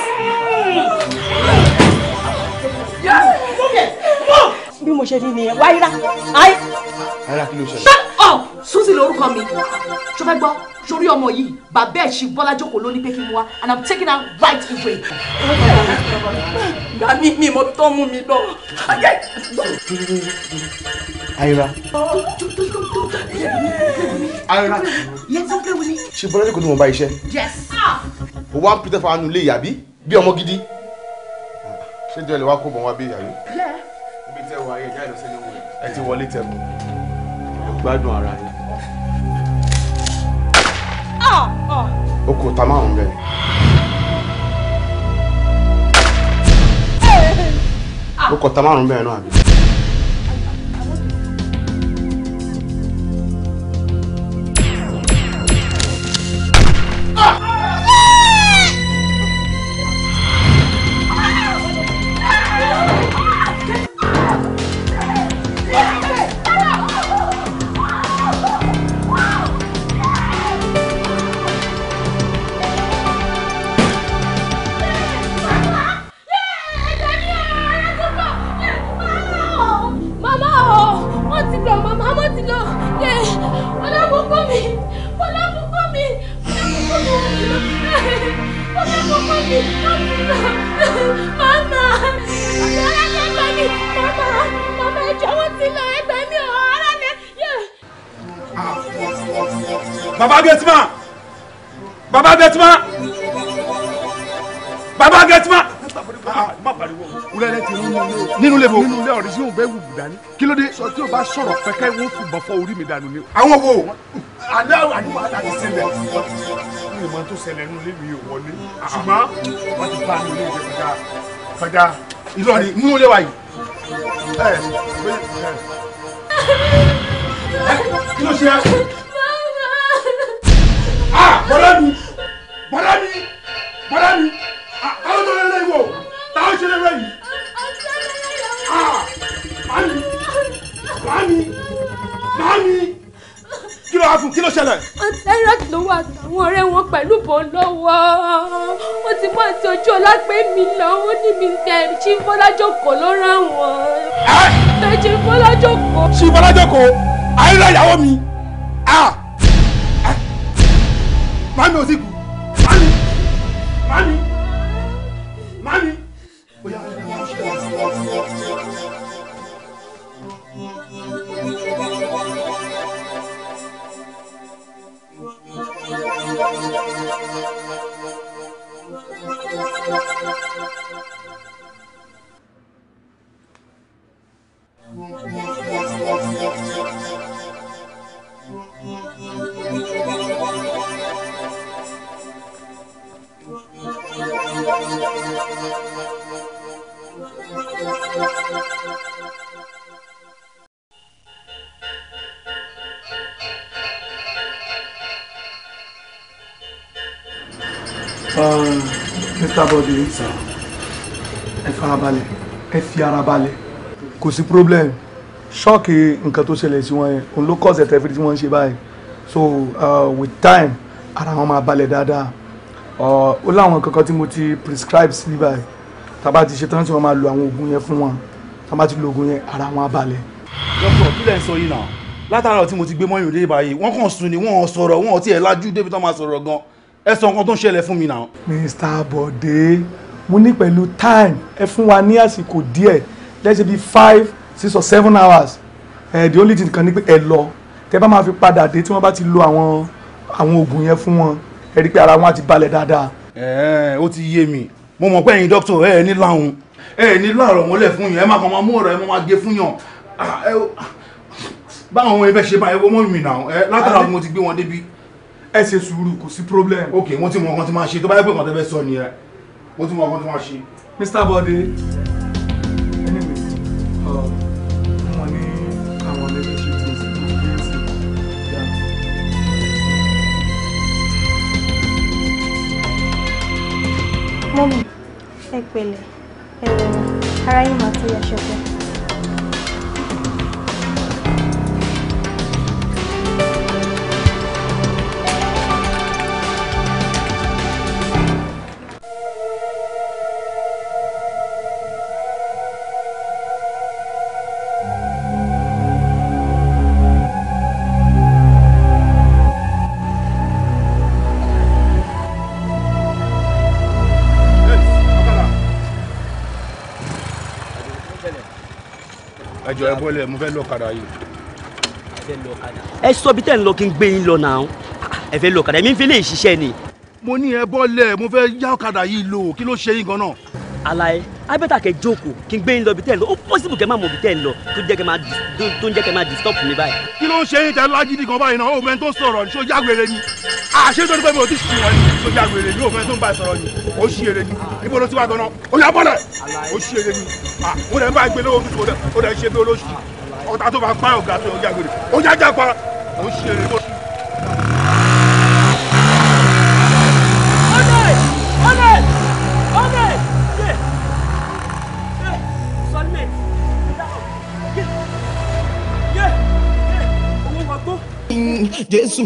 S4: bí mo ṣe rí nìyẹn
S5: wáyé rà áyé.
S2: ara kí ló ṣe. shut
S5: up susie lórúkọ mi ṣó fẹ́ gbọ́ sórí ọmọ yìí bàbá ẹ̀ ṣì bọ́lá jókòó ló ní pé kí n wá and i'm taking her right away. gba mi mi mo tọ́ mú mi lọ.
S2: ayira. ayira.
S5: yẹn tó kẹ́ wuli.
S2: ṣe bọ́lá jókòó ni mo bá iṣẹ́. yes. o wa pété fún anu lé yàbí bí ọmọ gidi ṣé jọ ilé wa kó bọ̀ wá bí yàrá ayé ìjà ìlọsẹ ẹ ti wọlé tẹmu ẹ gbádùn ara yẹn.
S3: Ah, ah.
S2: o kò ta máa ń bẹ.
S3: Eh.
S2: o kò ta máa ń bẹ náà àbí. baba Gateman baba Gateman baba Gateman. Ah, wúlẹ̀lẹ̀ ti rún nínú ilé wo nínú ilé ọ̀rẹ́ sí òun bẹ́ẹ̀ wù bù dání kí ló dé sọ tí o bá sọ̀rọ̀ pẹ́kẹ́ wọ́n fún bọ̀fọ́ orí mi dànù ni. àwọn wo àdá àdúgbò àti ṣẹlẹ̀ ní ìmọ̀ tó ṣẹlẹ̀ nínú ilé mi ò wọlé ah. ṣùgbọ́n wọ́n ti bá mi ní ìjẹ́ kọjá kọjá Ìlọrin nínú ilé wa yìí. ẹ ẹ kí ló ṣe é bọ̀dá mi bọ̀dá mi bọ̀dá mi àwọn tó lẹ́lẹ́ ìwọ táwọn ṣe lẹ́lẹ́ yìí. Màámi màámi màámi kí ló hapun kí ló ṣẹlẹ̀. Terrat
S4: ló wà àtàwọn ọ̀rẹ́ wọn pẹ̀lú bọ́n lọ́wọ́ wọ́n ti mú àti ojú ọlápẹ́ mi lọ wọ́n ní mi ṣí fọlájọkọ̀ ló rán wọn. ẹ ṣí
S2: fọlájọkọ̀. ṣí fọlájọkọ̀ àìrọ̀ ìyàwó mi. Ah! bàbá mi ò yín sà. ẹ farabalẹ̀ ẹ fi ara balẹ̀ kò sí problem ṣọ́ọ̀kì nǹkan tó ṣẹlẹ̀ sí wọn yẹn òun ló cause ẹ̀tẹ̀ fìdí tí wọ́n ń ṣe báyìí so uh, with time ara wọn máa balẹ̀ dáadáa uh, ó láwọn kankan tí mo ti prescribe sí báyìí tábà ti ṣe tán tí wọ́n máa lo àwọn oògùn yẹn fún wọn tábà ti lo oògùn yẹn ara wọn á balẹ̀. dókítà kí lẹ́ ń sọ yìí náà látara tí mo ti gbé mọ́yìn òde báyìí wọ́n kàn sùn ni wọ́n sọ̀rọ̀ wọ́n ti ẹ̀ lajú débi tó máa sọ̀rọ̀ gan-an ẹ sọ nǹkan tó ń ṣẹlẹ̀ fún mi náà. Mr. Bode mo ní pẹ̀lú time ẹ fún wa ní àsìkò díẹ̀ let's say be five six or seven hours uh, the only thing kan ni pé ẹ lọ tẹ bá máa fi padà dé tí wọ́n bá ti lo àwọn àwọn oògùn yẹn fún wọn ẹ rí i pé ara wọn á ti balẹ̀ dáadáa. ẹ eh, ẹ ó ti yé mi mo mọ̀ pé ẹ̀yin dókítà ẹ ẹ nílò àwọn ẹ ẹ mọ́lẹ̀ fún yàn ẹ má kàn máa mú ọ̀rọ̀ ẹ má máa gé fún yàn ah, báwọn ọmọ ẹgbẹ́ ṣe báyẹn wọ́n mọ̀ náà eh, látara mo ti gbé wọn débi ẹ ṣe sùúrù kò sí problem. ok wọ́n ti mọ ọkàn tí máa ṣe tó bá yẹ pé ọkàn tẹ́ fẹ́ sọ nìyẹn wọ́n ti mọ ọkàn tí máa ṣe. Mr. Bode uh,
S6: mọ́mí
S4: ẹ pẹ̀lẹ́ ẹ̀rọ ara yín máa tó yà ṣẹ́kọ̀ọ́.
S2: ẹ bọ́lẹ̀ mo fẹ́ lọ ọ̀kadà yìí.
S4: ẹ sọ bí tẹ́ ń lọ kí n gbé yín lọ náà ẹ fẹ́
S2: lọ ọ̀kadà èmi ń fi lè ṣiṣẹ́ ni. mo ní ẹ bọ́lẹ̀ mo fẹ́ yá ọ̀kadà yìí lò kí ló ṣe yín gan-an. alaye abẹ́ta kẹ jókòó kí n gbé yín lọ bí tẹ́ ń lọ ó pọ́sibù kẹ má mọ bí tẹ́ ń lọ tó ń jẹ́ kẹ má disturb mi báyìí. kí ló ń ṣe yín tẹ́ lágídí kan báyìí náà ó mẹ́ni tó sọ̀rọ̀ ní sójà wèrè yóò fẹ́ tó ń bá sọ̀rọ̀ ni ó ṣí èrè ni níbo ló ti wá gan ó yà bọ́lẹ̀ ó ṣí èrè ni ó lẹ́ ń bá gbé lówó tuntun ó lẹ́ ń ṣe bí olóṣù ọ̀tá tó bá pa ọ̀gá tó yà wèrè ó yà jà pa ó ṣí èrè ni.
S1: Mm, jésù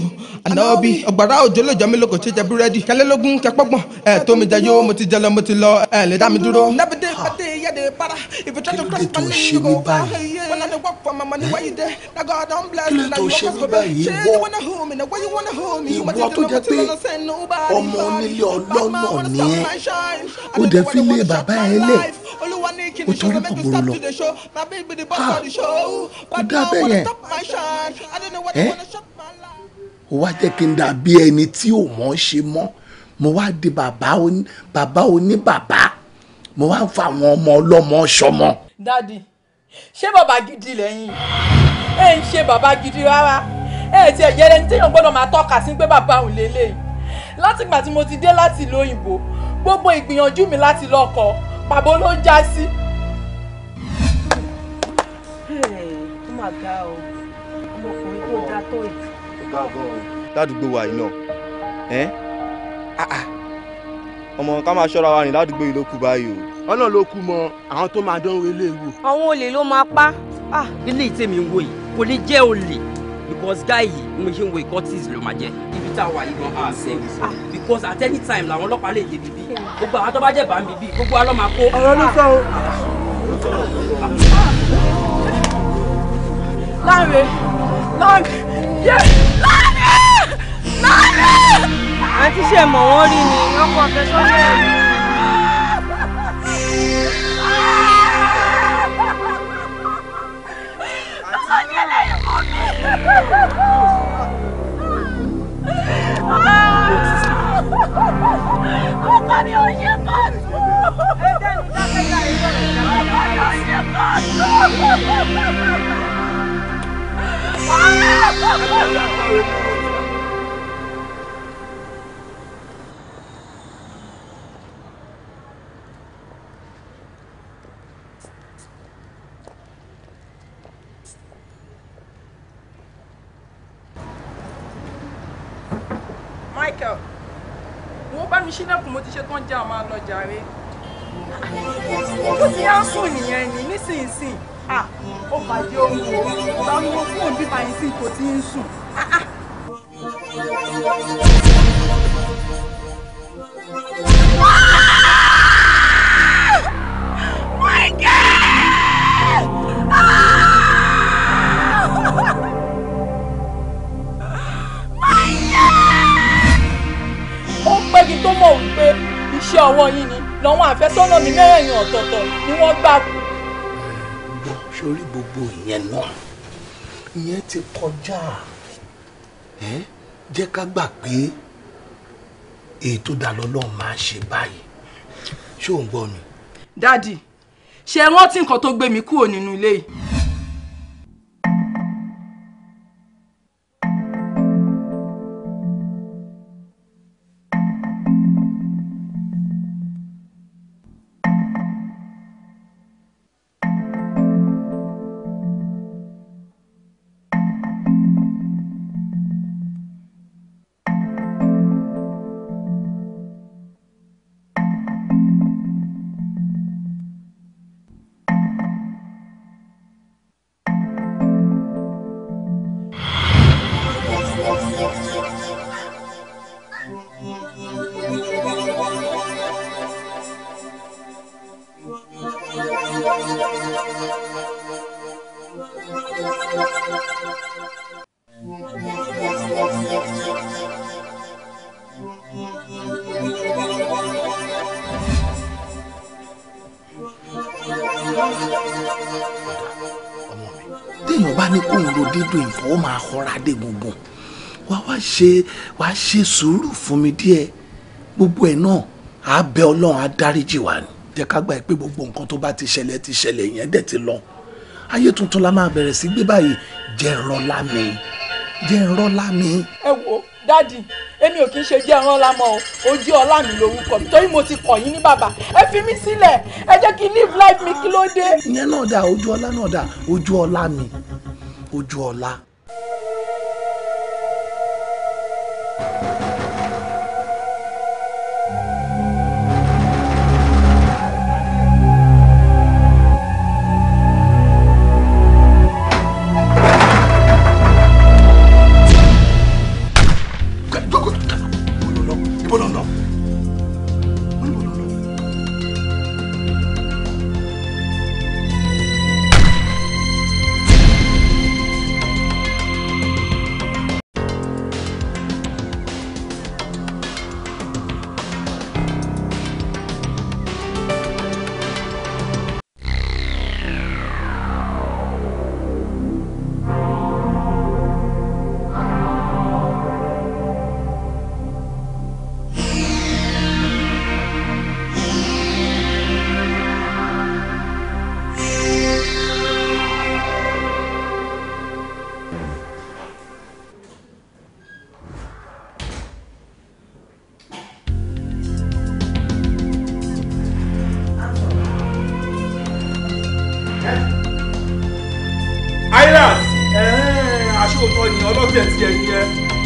S1: ànábì ọ̀gbàrá òjò lè jọ lóko ṣe jẹ búrẹ́dì kẹlẹ́lógún kẹpọ́gbọ̀n tó mi jẹ yóò mo ti jẹ lọ mo ti lọ ẹ̀ lè dá mi dúró. nàbẹ̀dẹ̀ pàtẹ yẹ́dẹ̀ para ìfìtọ́jú kọ́sì pàlẹ́ yìí kò bá wọn náà wọ́n fọ màmá ní wáyé dẹ́ dàgọ́ àdán blẹ̀ nínú ìwọ́n kọ́sì bẹ́ẹ̀ ṣé ni wọ́n náà hó mi náà wáyé wọ́n náà hó mi. ìwọ tó jẹ pé ọmọ onílé ọlọ́nà ni ẹ ó dẹ fi lé
S2: bàbá ẹ lẹ ó torí kòkòrò lọ kó dá bẹ́ẹ̀ yẹn ẹ́ o wá jẹ́ kí n dàbí ẹni tí ò mọ̀ ṣe mọ́ mo wá di bàbá oníbàbá mo wá fa àwọn ọmọ ọlọ́mọ ṣọmọ.
S6: dádì ṣé bàbá gidi lẹ́yìn ẹ̀ ń ṣe bàbá gidi rárá ẹ̀ ti ẹ̀yẹ́ ẹni téèyàn gbọ́dọ̀ máa tọ́ka sí pé bàbá òun lélẹ̀ látìgbà tí mo ti dé láti ìlú òyìnbó gbogbo ìgbìyànjú mi láti lọ́kọ pàbó ló já sí.
S3: ó
S5: mà ga o ọmọkùnrin tó dáa tó yìí
S2: ládùúgbò wa yìí náà ah, ah. ọmọ ká máa ṣọ́ra wa rìn ládùúgbò yìí ló kù báyìí o. ọlọ́run ló kú mọ àwọn tó máa dánwò ilé ìwò.
S4: àwọn olè ló máa pa. Ah, ilé ìtẹ̀mí ń wò yìí kò ní jẹ́ olè because guy yìí mo ṣe ń wo ìkọ́tìs ló máa jẹ́ ibi tá a wà yìí gan-an sẹ́yìn because at any time làwọn ọlọ́pàá lè yé bíbí gbogbo àwọn tó bá jẹ́ bá ń bíbí gbogbo alọ́
S6: máa kó. ọ̀rọ̀ ló sọ o. láre láre yẹ́ẹ̀
S4: àǹtí ṣe mọ̀ wọ́n rí ni ọkọ̀ ọ̀fẹ́ sọ́jọ́ ẹ̀rí.
S3: Ọkọ mi ò ṣe
S6: sí ah, ó bàjẹ́ ohun o ìgbà wo mo fún òbí báyìí sí kò tí ń sùn. Ah, ah. ọwọ́ yín ni lọ́wọ́ àfẹ́sọ́nà mi mẹ́rẹ̀ẹ̀rin ọ̀tọ̀ọ̀tọ̀
S2: ni wọ́n gbà kú sórí gbogbo ìyẹn náà ìyẹn ti kọjá jẹ́ ká gbà pé èyí tó dá lọ́lọ́run máa ń ṣe báyìí ṣé ò ń gbọ́ mi.
S6: dádì ṣe rántí nǹkan tó gbé mi kúrò nínú ilé yìí
S2: ṣe wàá ṣe sùúrù fún mi díẹ̀ gbogbo ẹ̀ náà àá bẹ ọlọ́run á dáríjì wá ni jẹ́ ká gbà pé gbogbo nǹkan tó bá ti ṣẹlẹ̀ ti ṣẹlẹ̀ yẹn dẹ̀ ti lọ ayé tuntun la máa bẹ̀rẹ̀ sí gbé báyìí jẹ́ rọ́lá mi jẹ́ rọ́lá mi. ẹ wo dádì
S6: èmi ò kì í ṣe jẹ́ ẹran lámọ́ o ojú ọlá mi lorúkọ mi torí mo ti kọ̀ yín ní bàbá ẹ fi mí sílẹ̀
S5: ẹ jẹ́ kí live life mi kí ló dé. ìyẹn náà dà ojú ọlá náà dà
S2: ojú ọlá mi ojú ọlá. sòtọ́ ni ọlọ́bẹ̀ tiẹ̀ ni ẹ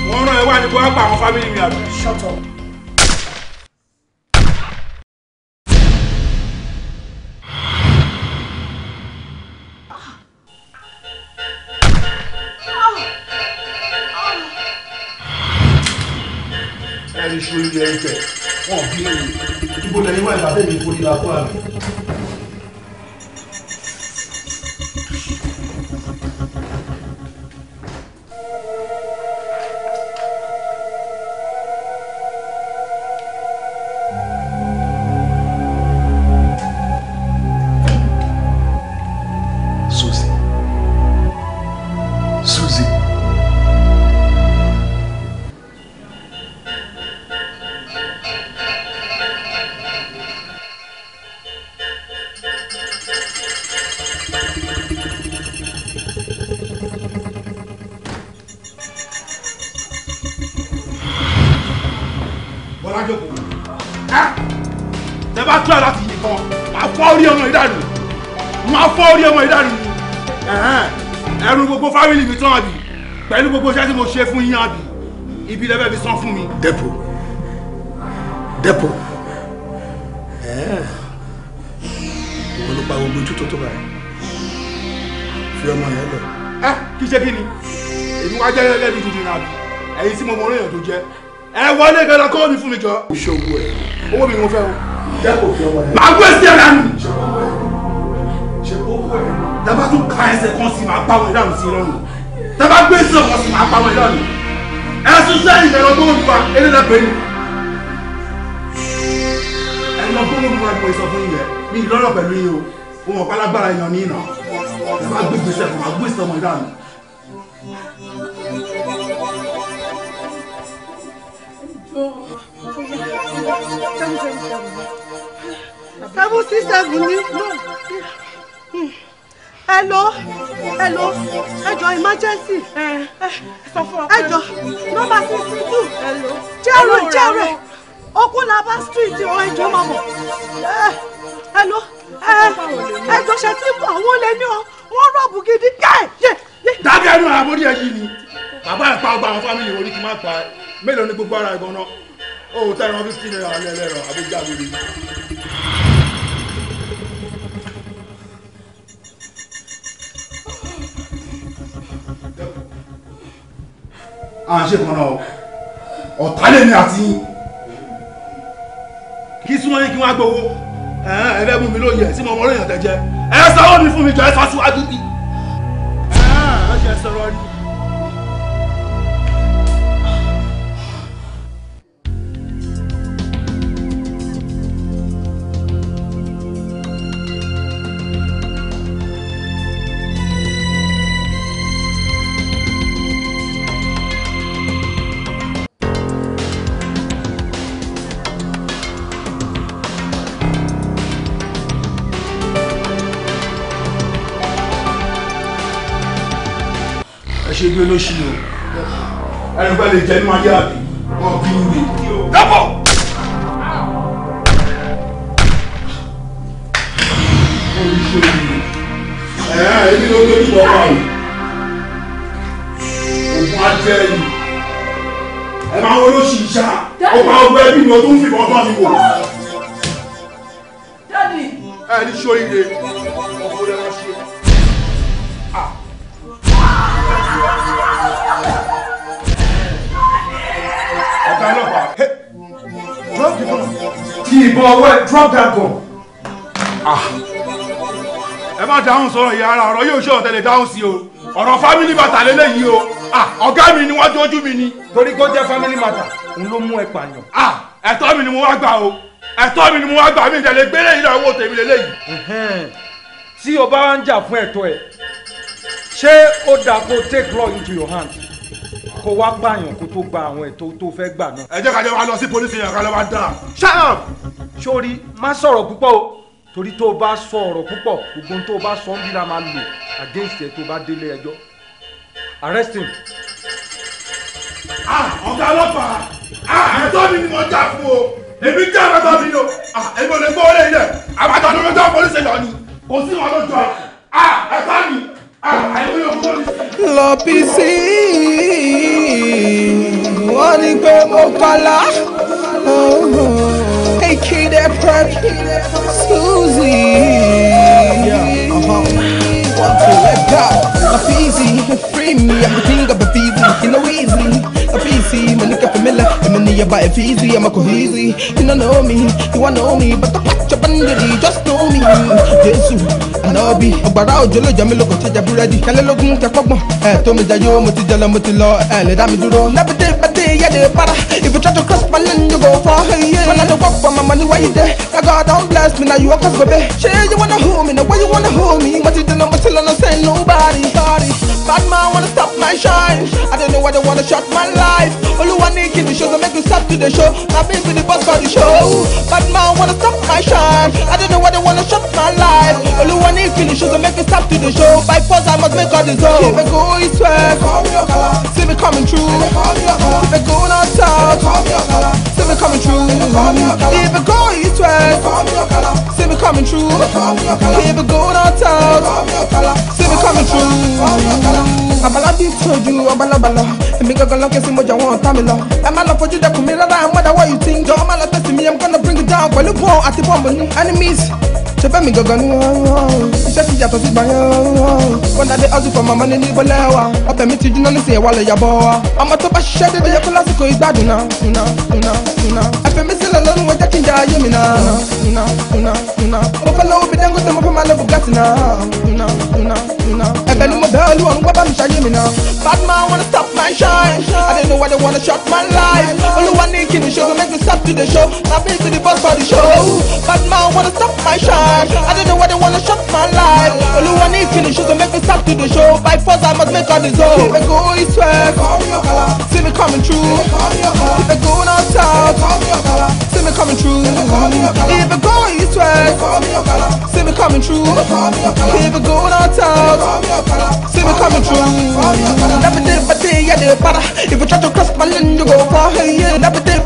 S2: wọ́n rán ẹ wá ní kó wá pa àwọn fámìlì mi àbí. shut up. wọlé gẹ́gẹ́ kọ́ mi fún mi jọ. ìṣòwò ẹ̀ owó mi ni mo fẹ́ o. jẹ́ gbé sí ẹ̀rọ mi. dábàá tún ka ẹsẹ̀ kan sí màá pàwọn ìdáhùn sí lọ́rùn. dábàá gbé sí ọkọ̀ sí màá pàwọn ìdáhùn. ẹ̀sùn sẹ́yìn ẹ̀rọ tó ń fa elélẹ́pẹ́ ni. ẹ̀yin lọ gbọ́dọ̀ mú ẹ̀pọ̀ mi lọ́rọ̀ pẹ̀lú yín o. ohun ọ̀pá lágbára èèyàn ní ìnà. dábàá gbé
S3: oníṣègùn
S5: ní. hello
S6: hello
S3: ẹjọ
S5: emergency ẹjọ nọ́mbà sixty two jẹrẹ jẹrẹ okunlaba street ọ ẹjọ mọmọ
S2: hello ẹjọ ṣe tí àwọn olè ní ọ wọn rọọbù gidi kẹ. dábìá inú àbórí ẹ yìí ni bàbá ẹ pa ọgbà àwọn fámìlì orí kì í má pa ẹ mélòó ni gbogbo ara ẹ gan náà ó tẹ ẹran fífi náírà lẹ́lẹ́rọ àbújá lórí. à ń ṣe kan náà ọ̀tá lèmi àti yín. kí súnmọ́ yín kí wọ́n á gbowó ẹ̀ẹ́dẹ́ mú mi lóye tí mo mọ orí èèyàn tẹ̀ fún mi jọ ẹ sọ síwájú bí. ẹ ẹ ṣe sọ̀rọ̀ lóṣù o ẹnu pẹ́ lè jẹ́ nínú ayé àbí wọn bí wí. dábọ̀.
S3: èmi ló lórí ìwọ́pá o ògùn
S2: ajẹ́ yìí ẹ máa ń olóṣì ìṣá ọba ọgbẹ́ bí mo tún fìbọn bá mi wò. ẹ ní sóríire. ti ìbọn ọwọ́ ẹ drop that gun. Ah. ẹ má dáhùn sọ̀rọ̀ ìyá ara ọ̀rọ̀ yóò ṣe ọ̀tẹ̀lẹ̀ dáhùn sí o ọ̀rọ̀ family matter lélẹ́yìí o ah, ọ̀gá mi ni wọ́n jójú mi ni. torí kó jẹ́ family matter òun ló mú ẹ pààyàn. Ah, ẹ̀tọ́ mi ni mo wá gbà o ẹ̀tọ́ mi ni mo wá gbà mí ìdẹ̀lẹ̀ gbélé yìí lọ́wọ́ tèmi lélẹ́yìí. tí o bá ń jà fún ẹ̀tọ́ ẹ ṣé ó dà kó take law into your hand kó wá gbàyàn kó tó gba àwọn ètò tó fẹ́ gbà náà. ẹ jẹ́ ká jẹ́ wá lọ sí polisi yẹn ká lọ́ wá dà. ṣáàm sórí má sọ̀rọ̀ púpọ̀ o torí tó o bá sọ ọ̀rọ̀ púpọ̀ gbogbo tó o bá sọ ń bí la máa lò against ẹ tó o bá délé ẹjọ́ arrest him. ah ọ̀gá ọlọ́pàá ah ẹ̀tọ́ mi ni mo jà fún o èmi jà bàbá mi ni
S1: You know me, I'm a فهمني يا بروتين قبل فيزي هنا a افيسي ماني كفملة مني يا بقى فيزي يا ماكو هيزي هنا نومي يو نومي بتقطع بندري just know me know me, جيسو ànábì ọgbàrá òjò ló jẹ mí lóko tẹjẹ búrẹ́dì kẹlẹ́lógún kẹfọ́gbọ̀n ẹ tó mi jẹyọ mo ti jẹlọ mo ti lọ ẹ lè dá mi dúró. lábìdé bàdé yẹ́dẹ̀ para if you try to cross my line, you go fall. when i dey work for my money why you there? na god don bless me now you work as gobe. ṣé you wanna hold me now why you wanna hold me. mo ti dènà mo ti lọ́nà sẹ́yìn nobody. Bad man wanna stop my shine. I don't know why they wanna shut my life. All you want to kill the show, so make you stop to the show. My baby the boss for the show. Bad man wanna stop my shine. I don't know why they wanna shut my life. All you want to kill the show, so make you stop to the show. By force I must make all the show. If I go east west, see me coming true. If it go north south, see me coming true. If it go east west, see me coming true. If I go north south. coming through. Abalabi tójú ọbalabala, èmi gangan lọ́kẹ́ sí mojà wọn ọ̀tá mi lọ. Ẹ má lọ fojú dẹkùn mi rárá, I'm more than what you think. Jọ̀wọ́ má lọ tẹ̀sí mi, I'm gonna bring it down pẹ̀lú bọ́ọ̀ àti bọ́ọ̀mù ní enemies ṣe fẹ́mi gangan ní iṣẹ́ ti yàtọ̀ sí gbàyàn wọn dáadé ọdún fún màmá nínú ibo lẹ́wà ọbẹ̀ mi ti dúná nísìnyí ẹ̀wà lè yàbọ̀ wa ọmọ tó bá ṣiṣẹ́ dédé yẹ kó lásìkò ìgbádùn náà dùnà dùnà dùnà ẹ̀fẹ̀ mi sílẹ̀ lọ́rùn wọn jẹ́ kí n jẹ ayé mi náà dùnà dùnà dùnà mo fẹ́ lọ́wọ́ bí Dangote mo fẹ́ máa lọ Bugatti náà dùnà dùnà dùnà ẹ̀bẹ̀ ni mo bẹ̀ Olúwa ń Bad man wanna stop my shine I don't know why they wanna shut my life Olúwa ní kí ni ṣogun make me stop to the show na me to the boss for the show Bad man wanna stop my shine. time. I don't know why they wanna shut my life. All Only one need finish, to make me stop to the show. By force, I must make all this old. If I go east west, see me coming through. If I go north south, see me coming through. If I go east west, see me coming through. If I go north south, see me coming through.
S3: Never did, but day, yeah, they better. Uh, if you try to cross my line, you go far. Hey, yeah, never did.